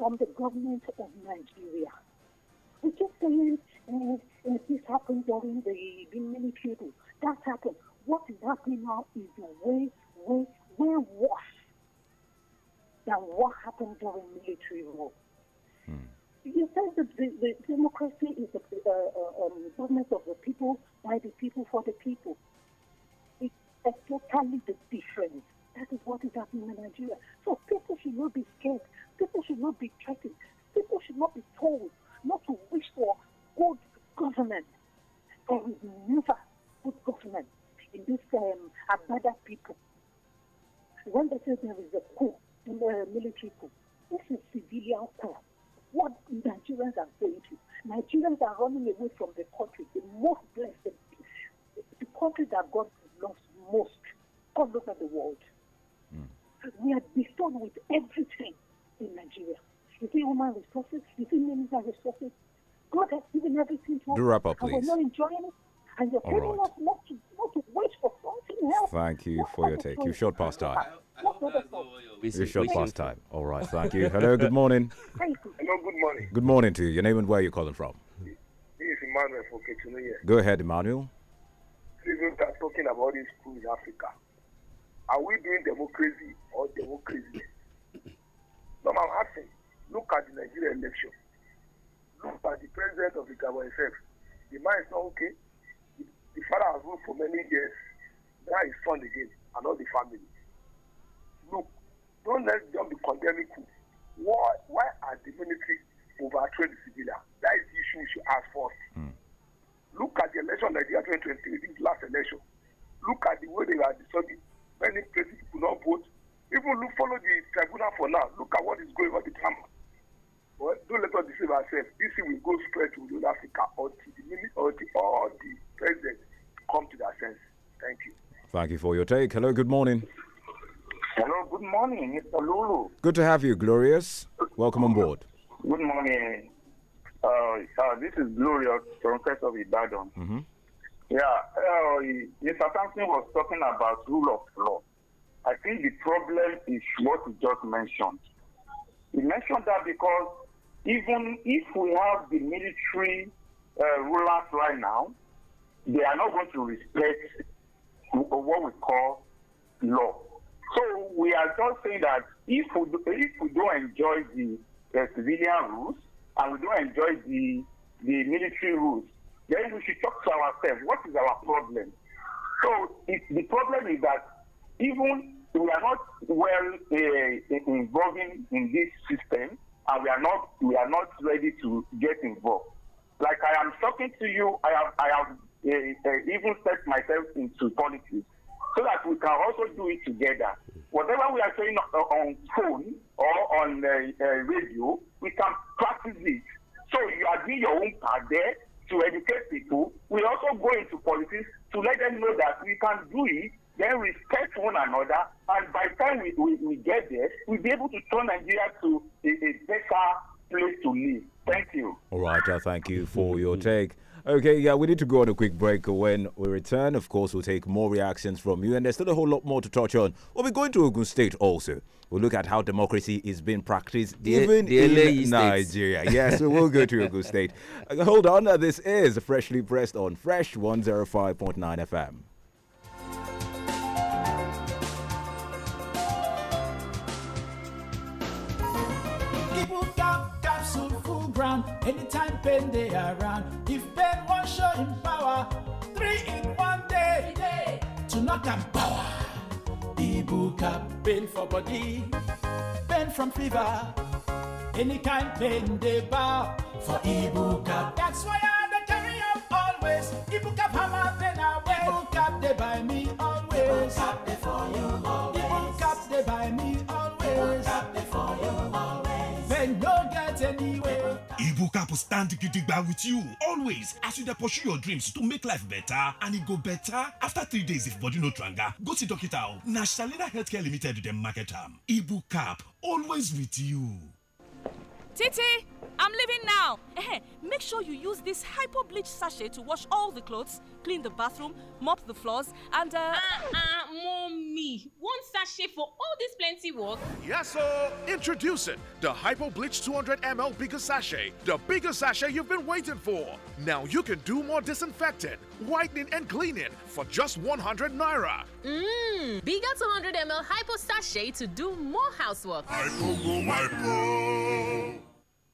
from the government of Nigeria. We just saying uh, uh, this happened during the Bimini people. That happened. What is happening now is way, way, way worse than what happened during military rule. Hmm. You said that the, the democracy is the uh, uh, um, government of the people, by the people, for the people. It's totally the difference. That is what is happening in Nigeria. So people should not be scared. People should not be threatened. People should not be told not to wish for good government. There is never good government in this um, Abada people. When they say there is a coup, in the military coup, this is civilian coup. What Nigerians are going to. Nigerians are running away from the country, the most blessed, the country that God loves most. God look at the world. We are bestowed with everything in Nigeria. You see human resources, you see minister resources. God has given everything to us. Do wrap up, please. we're not enjoying it. And you're telling right. us not to, not to wait for something else. Thank you what for your take. You've past time. you showed past time. All right, thank you. Hello, good morning. Thank you. Hello, good morning. Good morning to you. Your name and where you're calling from. This is Emmanuel from Go ahead, Emmanuel. People are talking about these schools in Africa. Are we doing democracy or democracy? no, I'm asking. Look at the Nigerian election. Look at the president of the Gabon itself. The man is not okay. The, the father has ruled for many years. Now he's son again, and all the family. Look, don't let them be condemning coup. Why, why are the military overthrowing the civilian? That is the issue we should ask first. Mm. Look at the election Nigeria 2023, this last election. Look at the way they are deciding many places could not vote. Even look, follow the tribunal for now. Look at what is going on the drama. Well, don't let us deceive ourselves. This thing will go straight to North Africa until the or the, or the president come to their sense. Thank you. Thank you for your take. Hello, good morning. Hello, good morning, Mr. Lulu. Good to have you, Glorious. Welcome on board. Good morning. Uh, uh, this is Glorious from First of Ibadan. Mm -hmm. Yeah, uh, Mr. Thompson was talking about rule of law. I think the problem is what he just mentioned. He mentioned that because even if we have the military uh, rulers right now, they are not going to respect what we call law. So we are just saying that if we, do, if we don't enjoy the uh, civilian rules and we don't enjoy the, the military rules, then we should talk to ourselves. What is our problem? So it, the problem is that even we are not well uh, involving in this system, and we are not we are not ready to get involved. Like I am talking to you, I have I have uh, uh, even set myself into politics so that we can also do it together. Whatever we are saying on, on phone or on radio, we can practice it. So you are doing your own part there to educate people. We also go into politics to let them know that we can do it, then respect one another, and by the time we, we, we get there, we'll be able to turn Nigeria to a, a better place to live. Thank you. All right, uh, thank you for your take. Okay, yeah, we need to go on a quick break. When we return, of course, we'll take more reactions from you, and there's still a whole lot more to touch on. We'll be going to Ogun State also. We'll look at how democracy is being practiced the, even the in Nigeria. States. Yes, we will go to Ogun State. Hold on, uh, this is Freshly Pressed on Fresh 105.9 FM. ground anytime pain they around. If pain will show him power, three in one day, day. to knock am power. Ibuka pain for body, pain from fever, any kind pain they bow for Ibuka. That's why I do carry up always. Ibuka hammer pain away. Ibuka they buy me always. Ibuka they for you. to stand gidigba with you always as you dey pursue your dreams to make life better and e go better after three days if body no tranga go see dokita o na shalina healthcare limited dem market am ibu cap always with you. titi i'm leaving now make sure you use this hypo bleach sachet to wash all the clothes clean the bathroom, mop the floors, and uh. Ah, uh, uh, mommy, one sachet for all this plenty work. Yes, sir. Introducing the Hypo Bleach 200 ml bigger sachet, the bigger sachet you've been waiting for. Now you can do more disinfecting, whitening, and cleaning for just 100 naira. Mmm, bigger 200 ml Hypo sachet to do more housework. Hypo, go, hypo.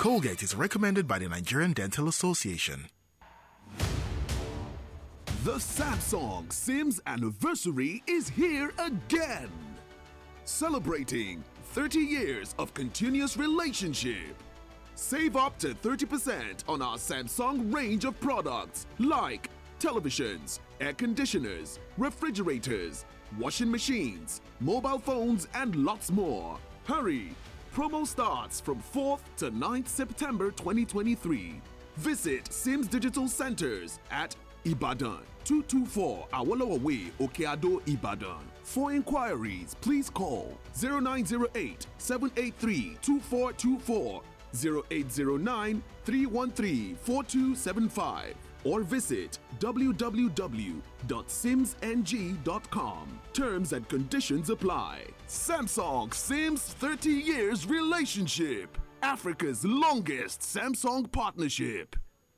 Colgate is recommended by the Nigerian Dental Association. The Samsung Sims anniversary is here again. Celebrating 30 years of continuous relationship. Save up to 30% on our Samsung range of products like televisions, air conditioners, refrigerators, washing machines, mobile phones, and lots more. Hurry! Promo starts from 4th to 9th September 2023. Visit Sims Digital Centers at Ibadan, 224 Awolowo Way, Okeado, Ibadan. For inquiries, please call 0908 783 2424, 0809 313 4275, or visit www.simsng.com. Terms and conditions apply. Samsung Sims 30 Years Relationship, Africa's longest Samsung partnership.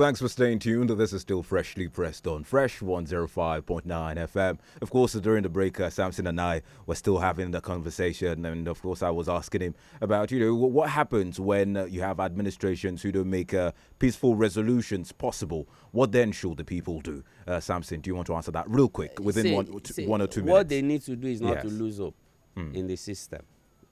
Thanks for staying tuned. This is still freshly pressed on Fresh 105.9 FM. Of course, during the break, uh, Samson and I were still having the conversation, and of course, I was asking him about you know what happens when uh, you have administrations who don't make uh, peaceful resolutions possible. What then should the people do? Uh, Samson, do you want to answer that real quick uh, within see, one, see, one or two minutes? What they need to do is not yes. to lose hope mm. in the system.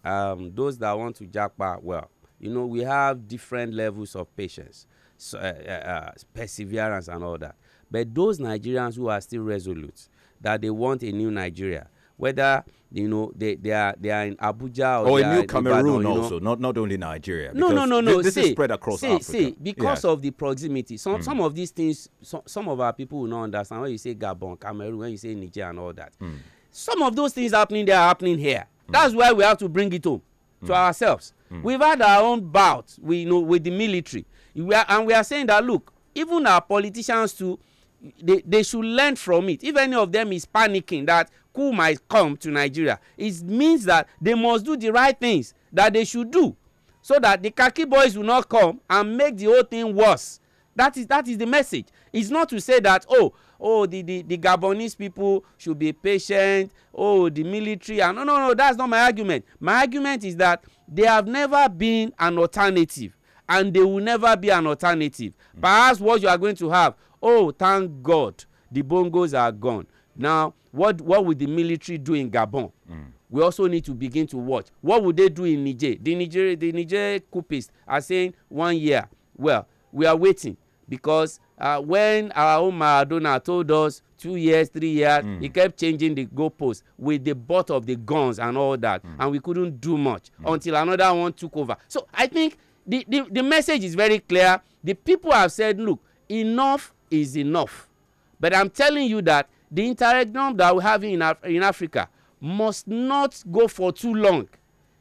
Um, those that want to jackpot, well, you know, we have different levels of patience uh, uh, perseverance and all that. But those Nigerians who are still resolute that they want a new Nigeria, whether you know they, they are they are in Abuja or, or a new Cameroon also, know. not not only Nigeria. No, no, no, no. this see, is spread across see, Africa. See, because yeah. of the proximity, some mm. some of these things, some, some of our people will not understand when you say Gabon, Cameroon, when you say Niger and all that. Mm. Some of those things happening there are happening here. Mm. That's why we have to bring it home to hmm. ourselves. Hmm. We've had our own bout, we you know, with the military we are, and we are saying that look even our politicians too they, they should learn from it if any of them is panicking that coup might come to nigeria it means that they must do the right things that they should do so that the khaki boys will not come and make the whole thing worse that is that is the message it's not to say that oh oh the the the gabonese people should be patient oh the military and no no no that's not my argument my argument is that they have never been an alternative and they will never be an alternative. Mm. Perhaps what you are going to have, oh, thank God, the bongos are gone. Now, what, what will the military do in Gabon? Mm. We also need to begin to watch. What would they do in Niger? The Niger, the Niger coupists are saying one year. Well, we are waiting because uh, when our own Maradona told us two years, three years, mm. he kept changing the goalposts with the butt of the guns and all that, mm. and we couldn't do much mm. until another one took over. So I think the, the, the message is very clear. The people have said, look, enough is enough. But I'm telling you that the interregnum that we have in, Af in Africa must not go for too long.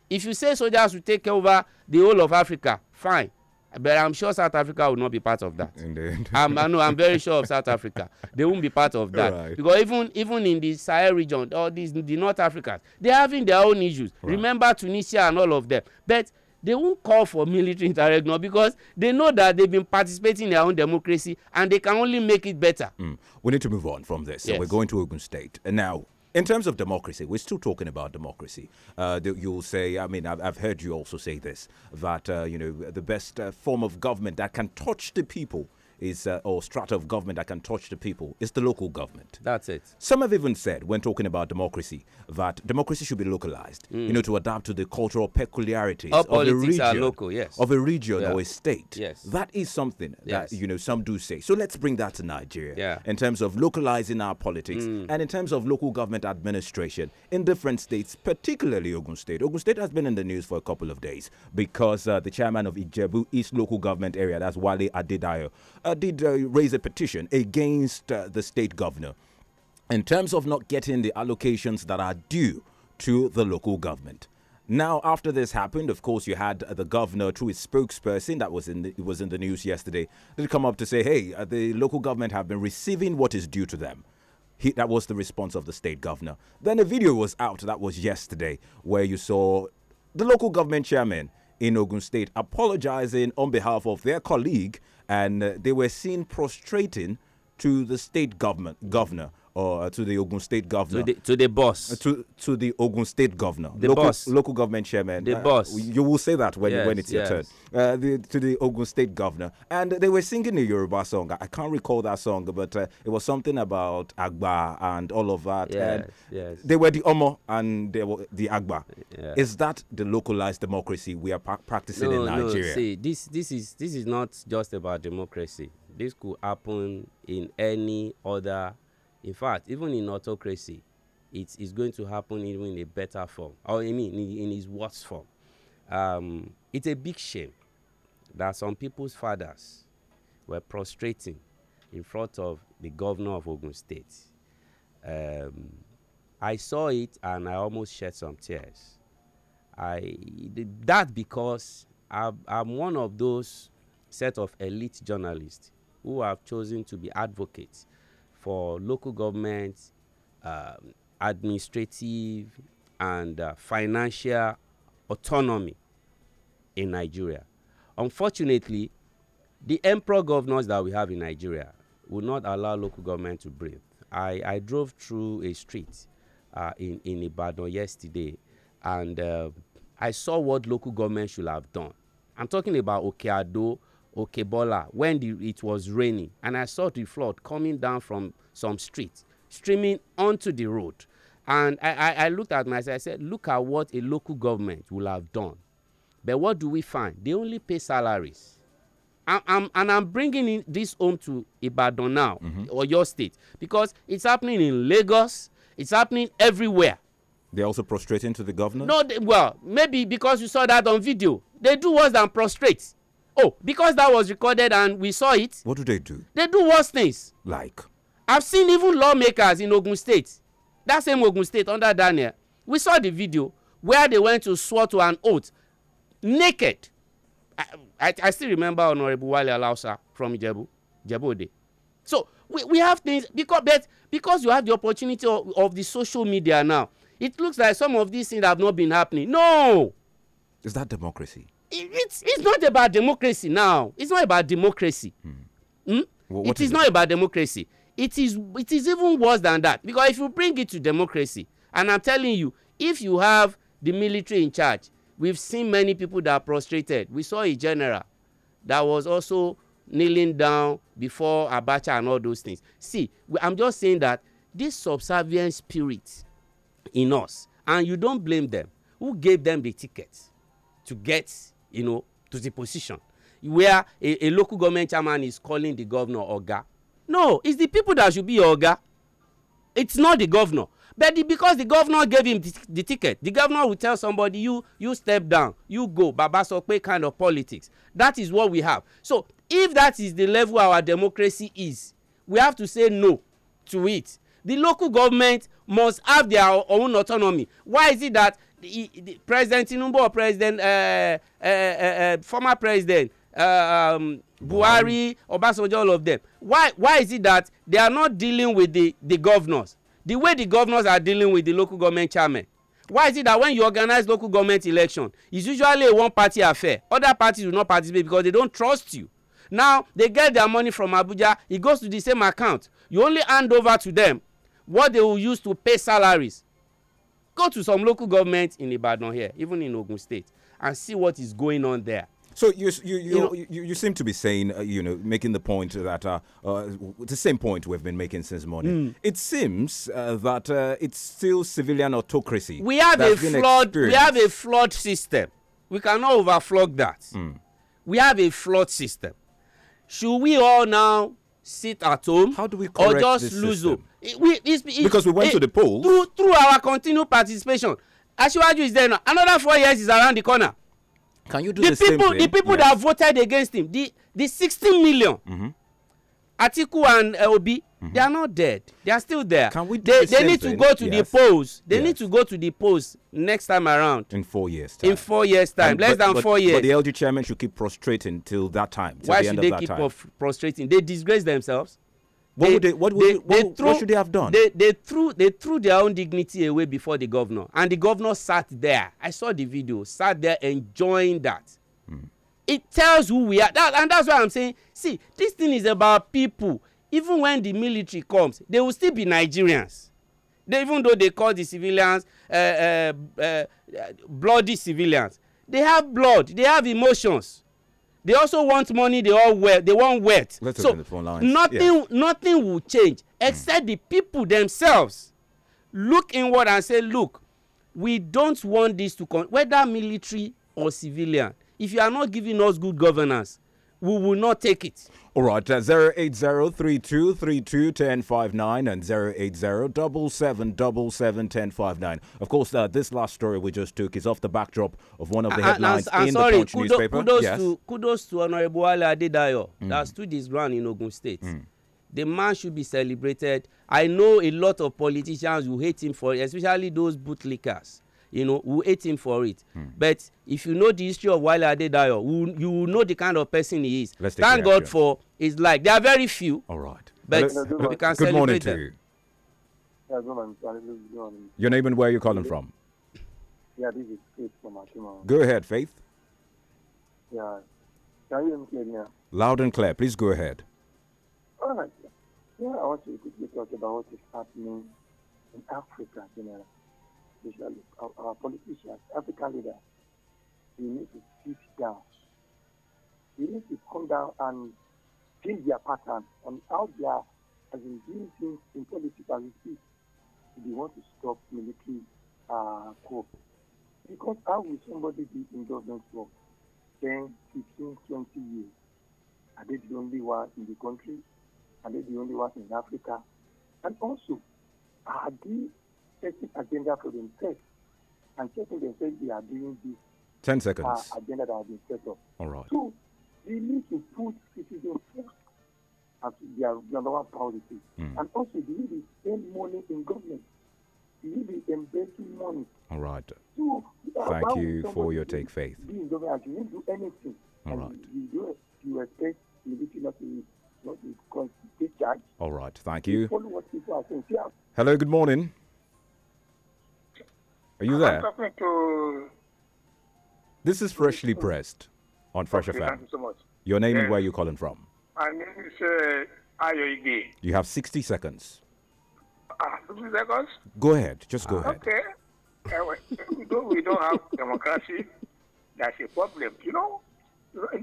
If you say soldiers will take over the whole of Africa, fine. But I'm sure South Africa will not be part of that. I'm, I know, I'm very sure of South Africa. They won't be part of that. Right. Because even even in the Sahel region, all these the North Africans, they're having their own issues. Right. Remember Tunisia and all of them. But they won't call for military intervention because they know that they've been participating in their own democracy and they can only make it better. Mm. We need to move on from this. Yes. So we're going to Ogun State. And now, in terms of democracy, we're still talking about democracy. Uh, you'll say, I mean, I've, I've, heard you also say this that, uh, you know, the best uh, form of government that can touch the people is uh, or strata of government that can touch the people is the local government. That's it. Some have even said, when talking about democracy, that democracy should be localized, mm. you know, to adapt to the cultural peculiarities of a region, local, yes. of a region yeah. or a state. Yes, that is something yes. that you know some do say. So let's bring that to Nigeria. Yeah. in terms of localizing our politics mm. and in terms of local government administration in different states, particularly Ogun State. Ogun State has been in the news for a couple of days because uh, the chairman of Ijebu East local government area, that's Wale Adedayo uh, did uh, raise a petition against uh, the state governor in terms of not getting the allocations that are due to the local government. Now, after this happened, of course, you had the governor through his spokesperson that was in the, was in the news yesterday. Did come up to say, "Hey, the local government have been receiving what is due to them." He, that was the response of the state governor. Then a video was out that was yesterday where you saw the local government chairman in Ogun State apologizing on behalf of their colleague and uh, they were seen prostrating to the state government governor or uh, to the Ogun State governor. To the, to the boss. Uh, to, to the Ogun State governor. The local, boss. Local government chairman. The uh, boss. You will say that when, yes, when it's yes. your turn. Uh, the, to the Ogun State governor. And they were singing a Yoruba song. I can't recall that song, but uh, it was something about Agba and all of that. Yes, and yes. They were the Omo and they were the Agba. Yeah. Is that the localized democracy we are practicing no, in Nigeria? No, see, this, this, is, this is not just about democracy. This could happen in any other in fact, even in autocracy, it is going to happen even in a better form, or I mean, in, in his worst form. Um, it's a big shame that some people's fathers were prostrating in front of the governor of Ogun State. Um, I saw it and I almost shed some tears. I that because I'm, I'm one of those set of elite journalists who have chosen to be advocates for local government um, administrative and uh, financial autonomy in Nigeria. Unfortunately, the emperor governors that we have in Nigeria will not allow local government to breathe. I, I drove through a street uh, in, in Ibadan yesterday and uh, I saw what local government should have done. I'm talking about Okeado Okebola when the, it was raining, and I saw the flood coming down from some streets, streaming onto the road. And I, I, I looked at myself, I said, look at what a local government will have done. But what do we find? They only pay salaries. I'm, I'm, and I'm bringing in this home to Ibadan now, mm -hmm. or your state, because it's happening in Lagos, it's happening everywhere. They're also prostrating to the governor? No, they, well, maybe because you saw that on video. They do worse than prostrate. Oh, because that was recorded and we saw it. What do they do? They do worse things. Like? I've seen even lawmakers in Ogun State, that same Ogun State under Daniel. We saw the video where they went to swear to an oath naked. I, I, I still remember Honorable Wale Alausa from Jebu, Jebode. So we, we have things because but because you have the opportunity of, of the social media now, it looks like some of these things have not been happening. No. Is that democracy? it's, it's not about democracy now. It's not about democracy. Hmm. Hmm? Well, it is, is not about democracy. It is it is even worse than that because if you bring it to democracy, and I'm telling you, if you have the military in charge, we've seen many people that are prostrated. We saw a general that was also kneeling down before Abacha and all those things. See, I'm just saying that this subservient spirit in us, and you don't blame them. Who gave them the tickets to get you know, to the position where a, a local government chairman is calling the governor oga. No, it's the people that should be your oga. It's not the governor. But the, because the governor gave him the, the ticket, the governor will tell somebody, you you step down, you go, Baba Sokpe kind of politics. That is what we have. So if that is the level our democracy is, we have to say no to it. The local government must have their own autonomy. Why is it that the president tinubu or president uh, uh, uh, uh, former president uh, um, buhari obasanjo all of them why why is it that they are not dealing with the the governors the way the governors are dealing with the local government chairman why is it that when you organize local government election it's usually a one party affair other parties do not participate because they don't trust you now they get their money from abuja it goes to the same account you only hand over to them what they will use to pay salaries Go to some local government in Ibadan here, even in Ogun State, and see what is going on there. So you you you, you, know, you, you seem to be saying uh, you know making the point that uh, uh, the same point we've been making since morning. Mm. It seems uh, that uh, it's still civilian autocracy. We have a flawed we have a flawed system. We cannot overflog that. Mm. We have a flawed system. Should we all now sit at home How do we correct or just lose hope. We, it's, it's, because we went it, to the polls Through, through our continued participation, Asiwaju is there now. Another four years is around the corner. Can you do the, the people, same thing? The people the yes. that voted against him, the, the 16 million. Mm -hmm Atiku and uh, Obi, mm -hmm. they are not dead. They are still there. Can we they, they need to go to yes. the polls. They yes. need to go to the polls next time around. In four years' time. In four years' time. And Less but, than but, four years. But the LG chairman should keep prostrating till that time. Till Why the should they keep prostrating? They disgrace themselves. What they, would they, what, would they, they, what, they threw, what should they have done? They, they, threw, they threw their own dignity away before the governor. And the governor sat there. I saw the video, sat there enjoying that it tells who we are that and that's why i'm saying see this thing is about people even when the military comes they will still be nigerians they even though they call the civilians uh, uh, uh, uh bloody civilians they have blood they have emotions they also want money they all well they want wealth so nothing yeah. nothing will change except mm. the people themselves look inward and say look we don't want this to come whether military or civilian if you are not giving us good governance we will not take it. All right, uh, 08032321059 and 08077771059. Of course, uh, this last story we just took is off the backdrop of one of the ah, ah, headlines in sorry, the Punch newspaper. Kudos, yes. to, kudos to Honorable Wale Adedayo mm. that stood his ground in Ogun State. Mm. The man should be celebrated. I know a lot of politicians who hate him for it, especially those bootlickers you know we hate him for it mm. but if you know the history of wale adedayo you, you will know the kind of person he is Let's thank god for his life there are very few all right but we can good morning to you yeah, good morning. your name and where you're calling from yeah this is faith from go ahead faith yeah can you hear me loud and clear please go ahead all right yeah i want to quickly talk about what is happening in africa generally especially our, our politicians, African leaders, we need to sit down. We need to come down and change their pattern on how they are as in doing things in politics as we speak. They want to stop military uh, coup. Because how will somebody be in government for 10, 15, 20 years? Are they the only one in the country? Are they the only one in Africa? And also, are they setting agenda for themselves and checking themselves they are doing this. 10 seconds. Uh, agenda that has been set up. All right. right. Two. they need to put citizens first as their number one priority. Mm. And also, they need to spend money in government. They need to invest money. All right. So, Thank you for your take, Faith. Be in government, you do anything. All and do it, you expect military not to, not to take charge. All right. Thank you. you follow what people are saying. Hello, good morning. Are you there? I'm talking to. This is freshly pressed on Fresh okay, FM. Thank you so much. Your name yes. and where you're calling from. My name is uh, You have 60 seconds. Uh, 60 seconds? Go ahead. Just go uh, ahead. Okay. Uh, we, don't, we don't have democracy. That's a problem. You know,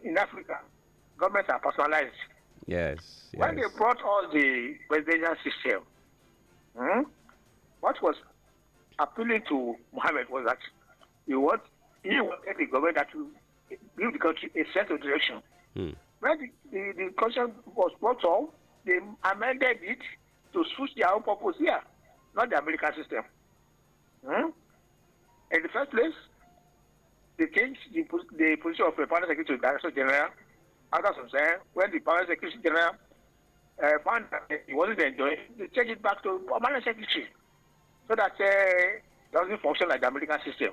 in Africa, governments are personalized. Yes. yes. When they brought all the presidential system, hmm, what was appealing to Mohammed was that he want he wanted the government that will give the country a sense of direction. Mm. When the, the, the constitution was brought up, they amended it to suit their own purpose here, not the American system. Hmm? In the first place, they changed the, the position of the Permanent Secretary to Director General after some time, when the Permanent Secretary General uh, found that he wasn't enjoying, they changed it back to Permanent Secretary so that uh, doesn't function like the American system.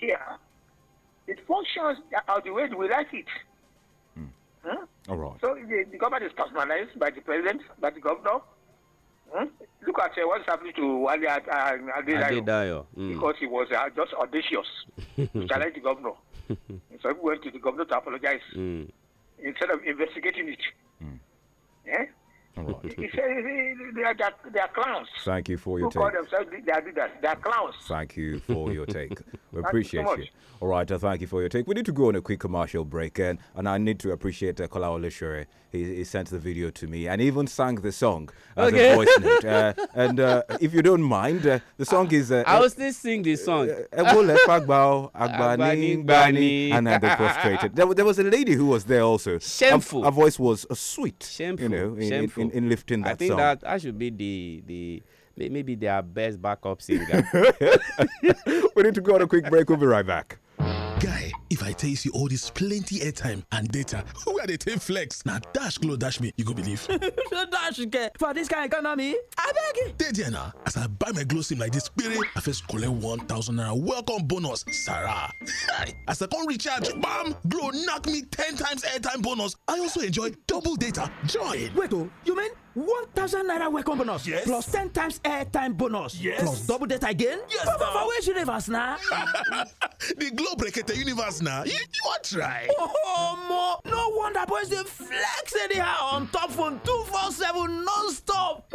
Here, it functions out the way we like it. Hmm. Huh? All right. So the, the, government is personalized by the president, by the governor. Hmm? Look at uh, what's happening to Wale uh, Adedayo, Adedayo. Mm. because he was uh, just audacious to challenge the governor. so he went to the governor to apologize mm. instead of investigating it. Mm. Yeah? Right. they are, clowns. Thank you for your Who take. Call themselves, they They are clowns. Thank you for your take. We appreciate you, so you, All right, uh, thank you for your take. We need to go on a quick commercial break, and, and I need to appreciate uh, Kola He, he, sent the video to me and even sang the song as okay. a voice note. Uh, and uh, if you don't mind, uh, the song is. Uh, I will still sing this song. Uh, and then have frustrated. There, there, was a lady who was there also. Um, Shameful. Her, voice was sweet. Shameful. You know, in, Shameful. In, in, in lifting that I think song. that that should be the the maybe their best backup singer. we need to go on a quick break. We'll be right back. guy if i tell you see all this plenty airtime and data wey i dey take flex Now dash glow dash me you go believe dash get for dis kain economy I beg you. there na as i buy my glow sim like this, kpere i first collect one thousand naira welcome bonus sarah as i come recharge bam glow knock me ten times airtime bonus i also enjoy double data join wait oh, you mean 1000 naira welcome bonus yes plus 10 times airtime bonus yes plus double data again yes papa for which universe now? the globe rekete universe now. you you want try oh mo no wonder boys they flex anyhow on top phone 247 non-stop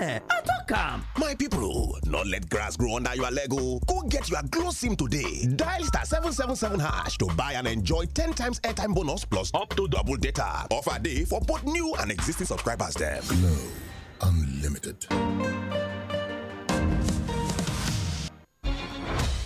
ehn i not come. my people, not let grass grow under your lego. Oh. go get your glow sim today dial star 777 hash to buy and enjoy 10 times airtime bonus plus up to double data offer day for both new and existing subscribers dem Glow Unlimited.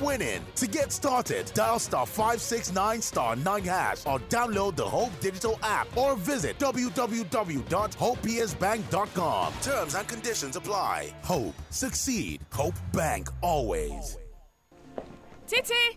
winning. To get started, dial star 569 star 9 hash or download the Hope Digital app or visit www.hopepsbank.com. Terms and conditions apply. Hope, succeed. Hope Bank always. Titi!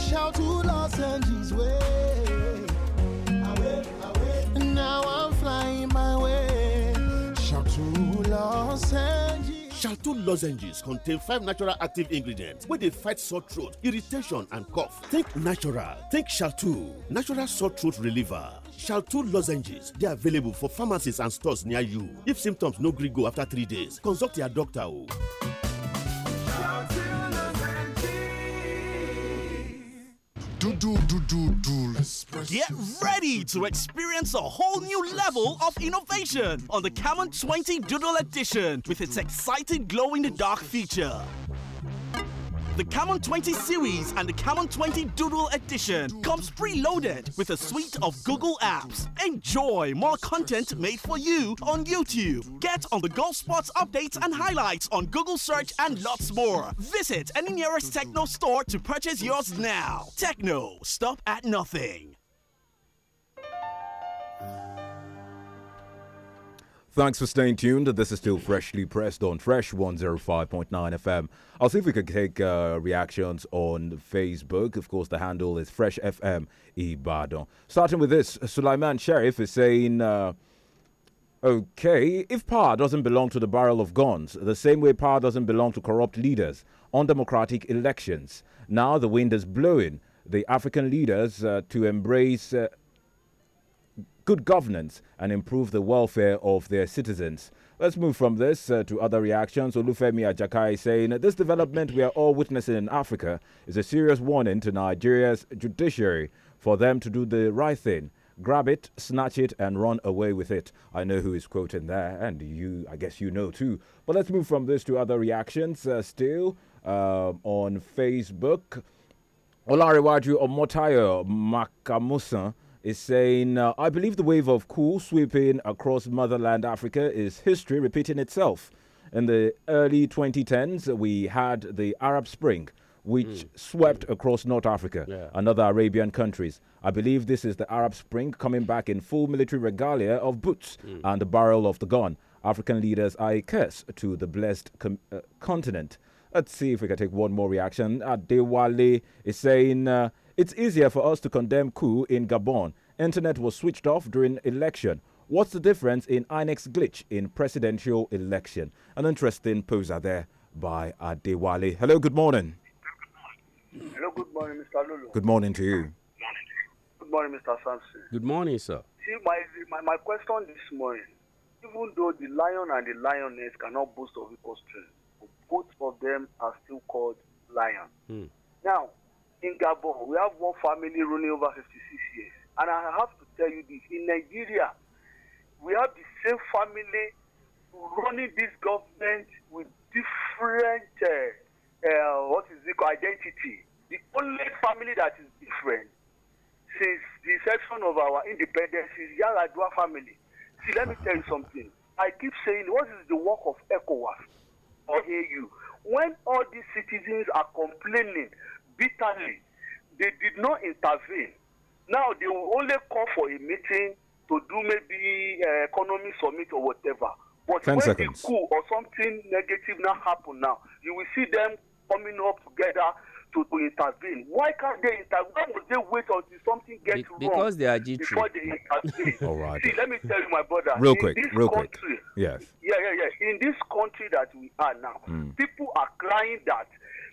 Shout to Los Angeles way. Now I'm flying my way. Shout to Los Angeles. Shalto lozenges contain five natural active ingredients where they fight sore throat, irritation and cough. Think natural, think Shalto, natural sore throat reliever. Shalto lozenges They are available for pharmacies and stores near you. If symptoms no gree go after three days, consult your doctor oh. o. Get ready to experience a whole new level of innovation on the Camon 20 Doodle Edition with its exciting glow in the dark feature. The Camon 20 series and the Camon 20 Doodle edition comes preloaded with a suite of Google apps. Enjoy more content made for you on YouTube. Get on the golf spots updates and highlights on Google search and lots more. Visit any nearest techno store to purchase yours now. Techno, stop at nothing. Thanks for staying tuned. This is still freshly pressed on Fresh 105.9 FM. I'll see if we can take uh, reactions on Facebook. Of course, the handle is Fresh FM Ibadan. Starting with this, Sulaiman Sheriff is saying, uh, okay, if power doesn't belong to the barrel of guns, the same way power doesn't belong to corrupt leaders, undemocratic elections, now the wind is blowing the African leaders uh, to embrace uh, good governance and improve the welfare of their citizens. Let's move from this uh, to other reactions. Olufemi Ajakai saying this development we are all witnessing in Africa is a serious warning to Nigeria's judiciary for them to do the right thing. Grab it, snatch it, and run away with it. I know who is quoting there, and you, I guess you know too. But let's move from this to other reactions uh, still uh, on Facebook. Olariwaju Omotayo Makamusa is saying, uh, I believe the wave of cool sweeping across motherland Africa is history repeating itself. In the early 2010s, we had the Arab Spring, which mm. swept mm. across North Africa yeah. and other Arabian countries. I believe this is the Arab Spring coming back in full military regalia of boots mm. and the barrel of the gun. African leaders I curse to the blessed uh, continent. Let's see if we can take one more reaction. Adewale is saying uh, it's easier for us to condemn coup in Gabon. Internet was switched off during election. What's the difference in INEX glitch in presidential election? An interesting poser there by Adewale. Hello, good morning. Hello, good morning, Mr. Lulu. Good morning to you. Good morning, Mr. Sampson. Good morning, sir. See, my, my, my question this morning even though the lion and the lioness cannot boast of equal strength, both of them are still called lions. Mm. Now, in Gabon, we have one family running over 56 years. And I have to tell you this in Nigeria, we have the same family running this government with different, uh, uh, what is it called, identity. The only family that is different since the inception of our independence is Yaradua family. See, let me tell you something. I keep saying, what is the work of ECOWAS? or AU. When all these citizens are complaining bitterly, they did not intervene. Now they will only call for a meeting to do maybe uh, economy summit or whatever. But Ten when seconds. the coup or something negative now happen now, you will see them coming up together to, to intervene. Why can't they intervene? Why must they wait until something gets Be- because wrong they before they intervene? All right. See, let me tell you, my brother. Real quick, real country, quick. Yes. Yeah, yeah, yeah. In this country that we are now, mm. people are crying that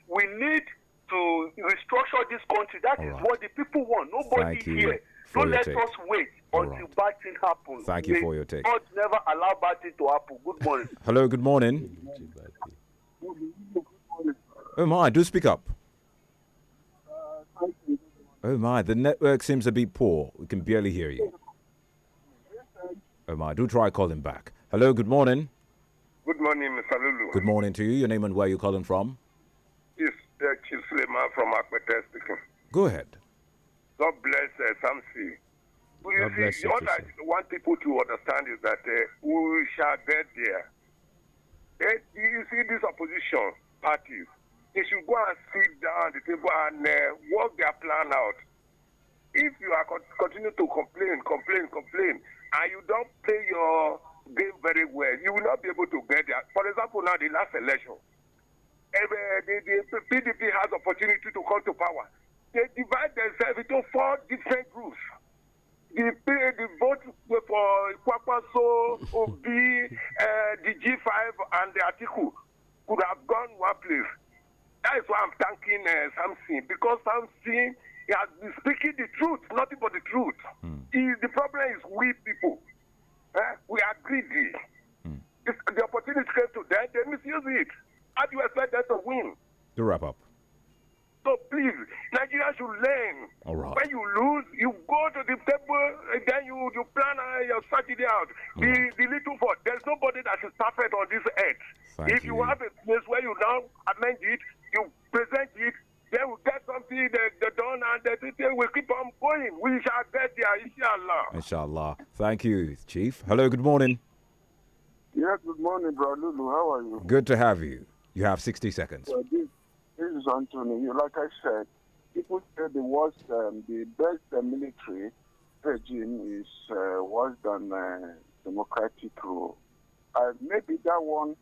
we need to restructure this country. That All is right. what the people want. Nobody Thank here. You. Don't let take. us wait All until right. bad things happen. Thank May you for your take. God never allow bad things to happen. Good morning. Hello, good morning. Oh my, do speak up. Oh my, the network seems a bit poor. We can barely hear you. Oh my, do try calling back. Hello, good morning. Good morning, Mr. Lulu. Good morning to you. Your name and where you calling from? It's uh, Chief Suleiman from Akwete speaking. Go ahead. God bless uh, Samsi. You God see, what I want people to understand is that uh, we shall get there. Uh, you see, these opposition parties, they should go and sit down at the table and uh, work their plan out. If you are con- continue to complain, complain, complain, and you don't play your game very well, you will not be able to get there. For example, now the last election, the, the PDP has opportunity to come to power. They divide themselves into four different groups. The, the vote for Kwakwaso, O B, uh, the G5, and the Atiku could have gone one place. That is why I'm thanking uh, Samson because Samson he has been speaking the truth, nothing but the truth. Mm. the problem is we people. Eh? We are greedy. Mm. If the opportunity comes to them, they misuse it. How do you expect them to win? To wrap up. So please, Nigeria should learn. All right. When you lose, you go to the table, and then you, you plan uh, your strategy out. All the, the little for there's nobody that is perfect on this earth. Thank if you. you. have a place where you now amend it, present it, then we get something that the done and the detail will keep on going. We shall get there, inshallah. Inshallah. Thank you, Chief. Hello, good morning. Yes, good morning, Bro Lulu. How are you? Good to have you. You have 60 seconds. Well, this, this, is Anthony. Like I said, people say the worst, um, the best uh, military regime is uh, worse than uh, democratic rule. Uh, maybe that one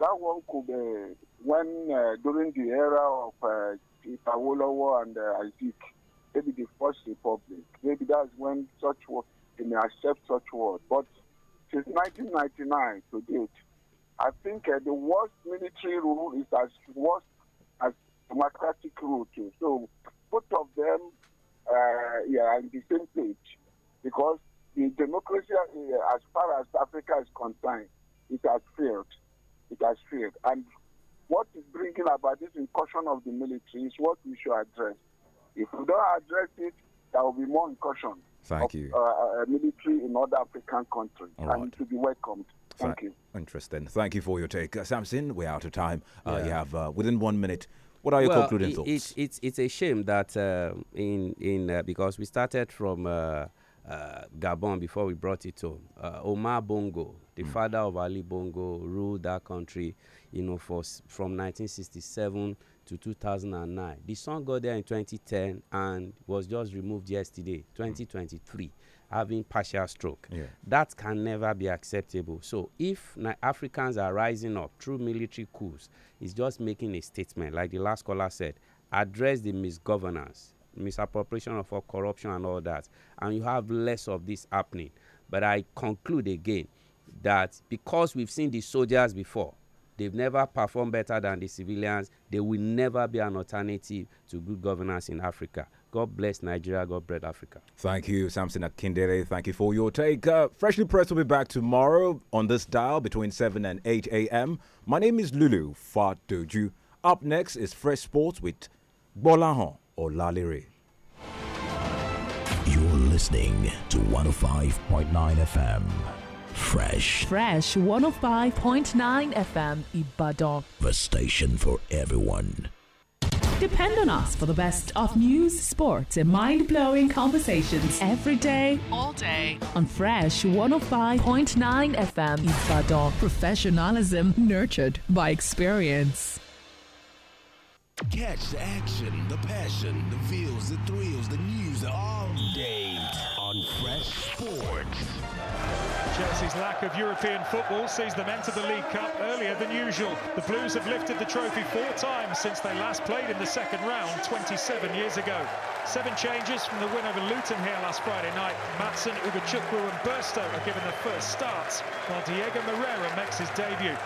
that one could be when uh, during the era of uh, and uh, Isaac, maybe the First Republic, maybe that's when such was, they may accept such word. But since 1999 to date, I think uh, the worst military rule is as worst as democratic rule too. So both of them uh, yeah, are on the same page because the democracy, uh, as far as Africa is concerned, it has failed it has failed. And what is bringing about this incursion of the military is what we should address. If we don't address it, there will be more incursion. Thank of, you. Uh, uh military in other African countries, and to be welcomed. Thank Th you. Interesting. Thank you for your take, uh, Samson. We're out of time. Uh, You have uh, within one minute. What are your well, concluding it, thoughts? It's, it's it's a shame that uh, in in because we started from. Gabon before we brought it home. Omar Bongo, the mm. father of Ali Bongo, ruled that country, you know, for from 1967 to 2009. The son got there in 2010 and was just removed yesterday, 2023, mm. having partial stroke. Yeah. That can never be acceptable. So if Africans are rising up through military coups, it's just making a statement, like the last caller said, address the misgovernance, misappropriation of all corruption and all that, and you have less of this happening. But I conclude again that because we've seen the soldiers before, they've never performed better than the civilians. They will never be an alternative to good governance in Africa. God bless Nigeria. God bless Africa. Thank you, Samson Akindere. Thank you for your take. Uh, Freshly Pressed will be back tomorrow on this dial between 7 and 8 a.m. My name is Lulu Fatoju. Up next is Fresh Sports with Bolahan Olalere. You're listening to 105.9 FM. Fresh. Fresh 105.9 FM Ibadan. The station for everyone. Depend on us for the best of news, sports, and mind blowing conversations every day, all day on Fresh 105.9 FM Ibadan. Professionalism nurtured by experience. Catch the action, the passion, the feels, the thrills, the news all day on Fresh Sports. Chelsea's lack of European football sees them enter the League Cup earlier than usual. The Blues have lifted the trophy four times since they last played in the second round 27 years ago. Seven changes from the win over Luton here last Friday night. Matson, Ugachukwu and Burstow are given their first starts, while Diego Moreira makes his debut.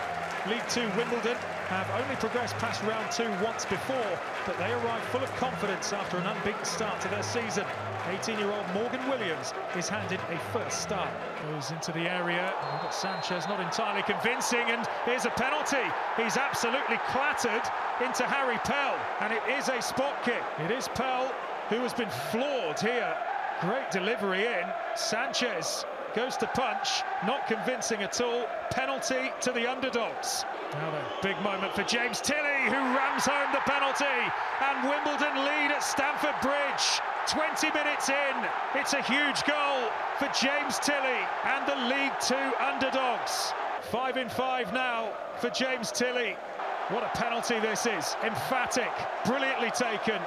League Two Wimbledon have only progressed past round two once before, but they arrive full of confidence after an unbeaten start to their season. 18-year-old Morgan Williams is handed a first start. Goes into the area, but Sanchez not entirely convincing, and here's a penalty. He's absolutely clattered into Harry Pell, and it is a spot kick. It is Pell who has been floored here. Great delivery in. Sanchez Goes to punch, not convincing at all. Penalty to the underdogs. Now then, big moment for James Tilley, who rams home the penalty. And Wimbledon lead at Stamford Bridge. 20 minutes in, it's a huge goal for James Tilley and the League Two underdogs. Five in five now for James Tilley. What a penalty this is. Emphatic, brilliantly taken.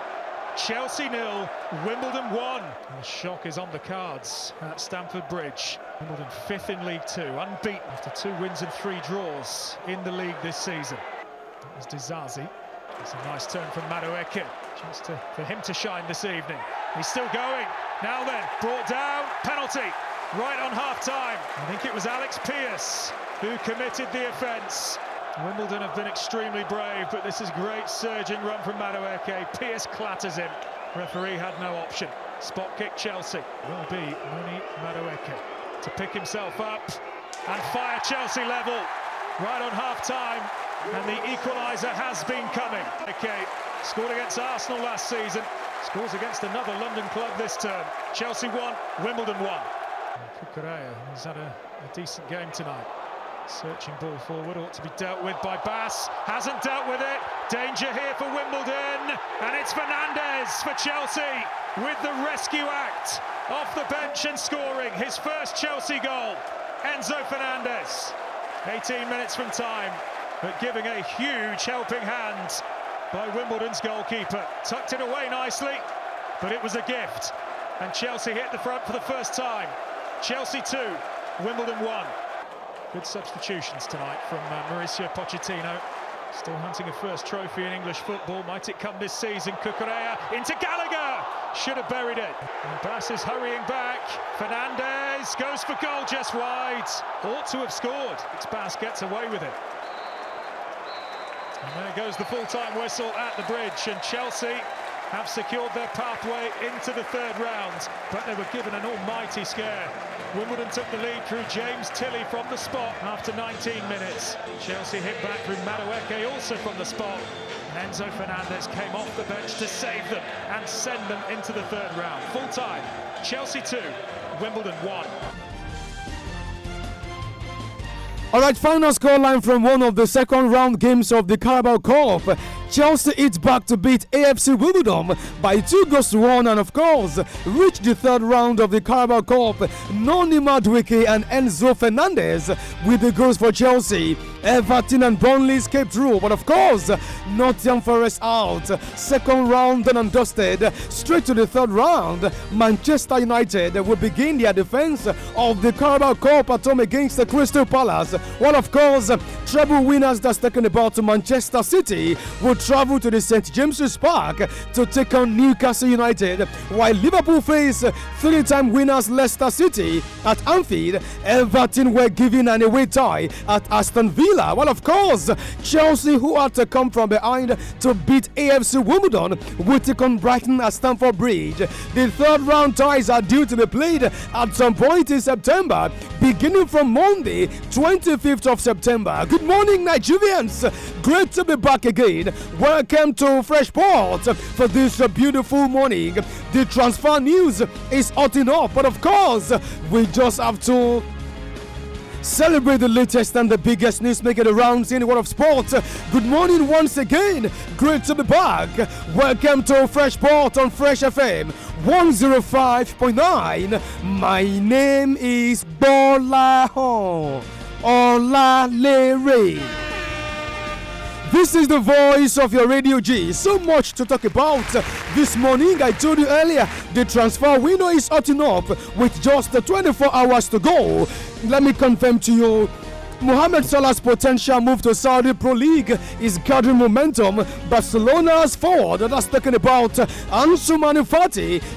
Chelsea nil, Wimbledon one. The shock is on the cards at Stamford Bridge. Wimbledon fifth in League Two, unbeaten after two wins and three draws in the league this season. That was Dizazi. It's a nice turn from Madueke. Chance to, for him to shine this evening. He's still going. Now then, brought down, penalty. Right on half time. I think it was Alex Pierce who committed the offence. Wimbledon have been extremely brave, but this is great surging run from Madueke. Pierce clatters him. Referee had no option. Spot kick Chelsea. Will be Muni Madueke to pick himself up and fire Chelsea level right on half time. And the equaliser has been coming. Okay, scored against Arsenal last season, scores against another London club this term. Chelsea won, Wimbledon won. Kukurea has had a, a decent game tonight. Searching ball forward, ought to be dealt with by Bass. Hasn't dealt with it. Danger here for Wimbledon. And it's Fernandez for Chelsea with the rescue act. Off the bench and scoring his first Chelsea goal. Enzo Fernandez. 18 minutes from time, but giving a huge helping hand by Wimbledon's goalkeeper. Tucked it away nicely, but it was a gift. And Chelsea hit the front for the first time. Chelsea 2, Wimbledon 1. Good substitutions tonight from uh, Mauricio Pochettino. Still hunting a first trophy in English football. Might it come this season? Cucurea into Gallagher. Should have buried it. And Bass is hurrying back. Fernandez goes for goal just wide. Ought to have scored. It's Bass gets away with it. And there goes the full-time whistle at the bridge. And Chelsea have secured their pathway into the third round, but they were given an almighty scare. Wimbledon took the lead through James Tilley from the spot after 19 minutes. Chelsea hit back through Madueke also from the spot. Enzo Fernandez came off the bench to save them and send them into the third round. Full time, Chelsea 2, Wimbledon 1. All right, final scoreline from one of the second round games of the Carabao Cup. Chelsea hit back to beat AFC Wimbledon by two goals to one and, of course, reached the third round of the Carabao Cup. Noni Madwiki and Enzo Fernandez with the goals for Chelsea. Everton and Burnley escaped through, but of course, Nottingham Forest out. Second round then undusted. Straight to the third round, Manchester United will begin their defense of the Carabao Cup at home against the Crystal Palace. Well, of course, treble winners that's taken about to Manchester City will travel to the St James's Park to take on Newcastle United, while Liverpool face three time winners Leicester City at Anfield. Everton were given an away tie at Aston Villa. Well, of course, Chelsea, who had to come from behind to beat AFC Wimbledon, will take on Brighton at Stamford Bridge. The third round ties are due to be played at some point in September, beginning from Monday, 25th of September. Good morning, Nigerians. Great to be back again Welcome to Freshport for this beautiful morning. The transfer news is hot enough, but of course, we just have to celebrate the latest and the biggest news making around in the world of sport. Good morning once again. Great to be back. Welcome to Fresh Port on Fresh FM 105.9. My name is Bola Ho. Ola Leray. This is the voice of your Radio G. So much to talk about this morning. I told you earlier the transfer window is opening up with just 24 hours to go. Let me confirm to you Mohamed Salah's potential move to Saudi Pro League is gathering momentum. Barcelona's forward, that's talking about Ansu Manu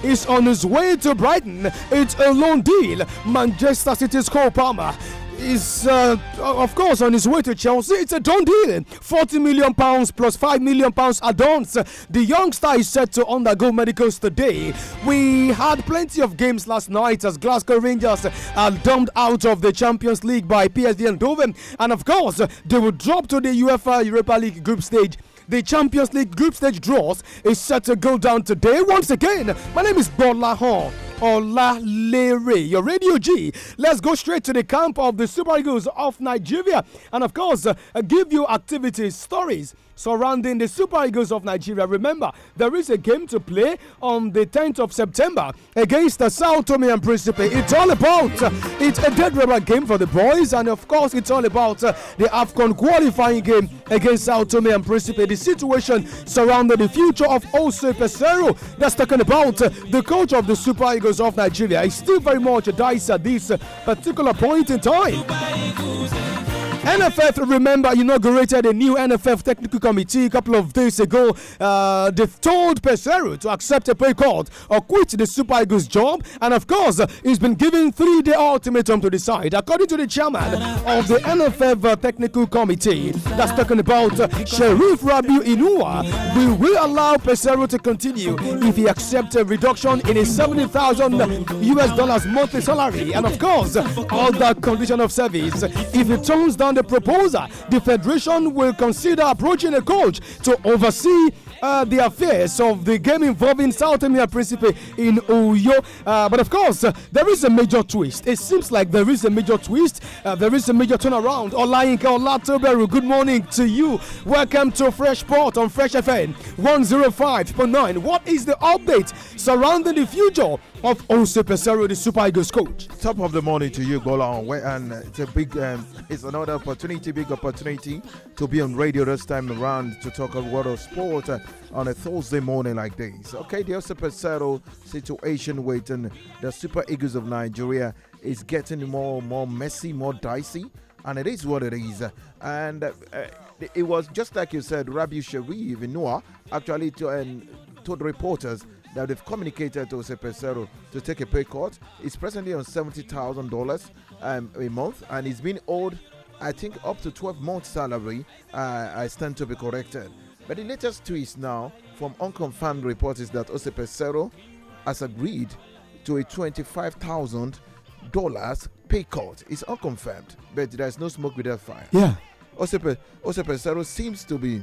is on his way to Brighton. It's a loan deal. Manchester City's Cole Palmer is, uh, of course, on his way to Chelsea. It's a done deal. 40 million pounds plus 5 million pounds add-ons. The youngster is set to undergo medicals today. We had plenty of games last night as Glasgow Rangers are dumped out of the Champions League by PSG and Dover. And of course, they will drop to the UEFA Europa League group stage. The Champions League group stage draws is set to go down today once again. My name is Bon Hall. Olalere. Your Radio G. Let's go straight to the camp of the Super Eagles of Nigeria and, of course, uh, give you activities, stories surrounding the Super Eagles of Nigeria. Remember, there is a game to play on the 10th of September against the Sao Tome and Principe. It's all about it's a dead rubber game for the boys, and of course, it's all about uh, the AFCON qualifying game against Sao Tome and Principe. The situation surrounding the future of Ose Pesero, that's talking about uh, the coach of the Super Eagles of Nigeria, is still very much a dice at this particular point in time. NFF, remember, inaugurated a new NFF technical committee a couple of days ago. Uh, they've told Pesero to accept a pay cut or quit the Super Eagles job. And of course, he's been given three day ultimatum to decide. According to the chairman of the NFF uh, technical committee, that's talking about uh, Sheriff Rabiu Inua, we will allow Pesero to continue if he accepts a reduction in his 70,000 US dollars monthly salary. And of course, all the condition of service if he turns down on the proposal, the federation will consider approaching a coach to oversee uh, the affairs of the game involving South Emir Principe in Uyo. Uh, but of course, uh, there is a major twist. It seems like there is a major twist. Uh, there is a major turnaround. Olayinka Olatoberu, good morning to you. Welcome to Fresh Port on Fresh FM 105.9. What is the update surrounding the future of Ose Pesero, the Super Eagles coach? Top of the morning to you, Gola. And it's a big, um, it's another opportunity, big opportunity to be on radio this time around to talk about lot of sport on a Thursday morning like this. Okay, there's a settled situation waiting. The Super Eagles of Nigeria is getting more, more messy, more dicey, and it is what it is. And uh, it was just like you said, Rabi Sharif Noah actually to, um, told reporters that they've communicated to Jose Pesero to take a pay cut. He's presently on $70,000 um, a month and he's been owed, I think, up to 12 months' salary. Uh, I stand to be corrected. But the latest twist now from unconfirmed reports is that Osepecero has agreed to a $25,000 pay cut. It's unconfirmed, but there's no smoke without fire. Yeah. Osepe, Osepecero seems to be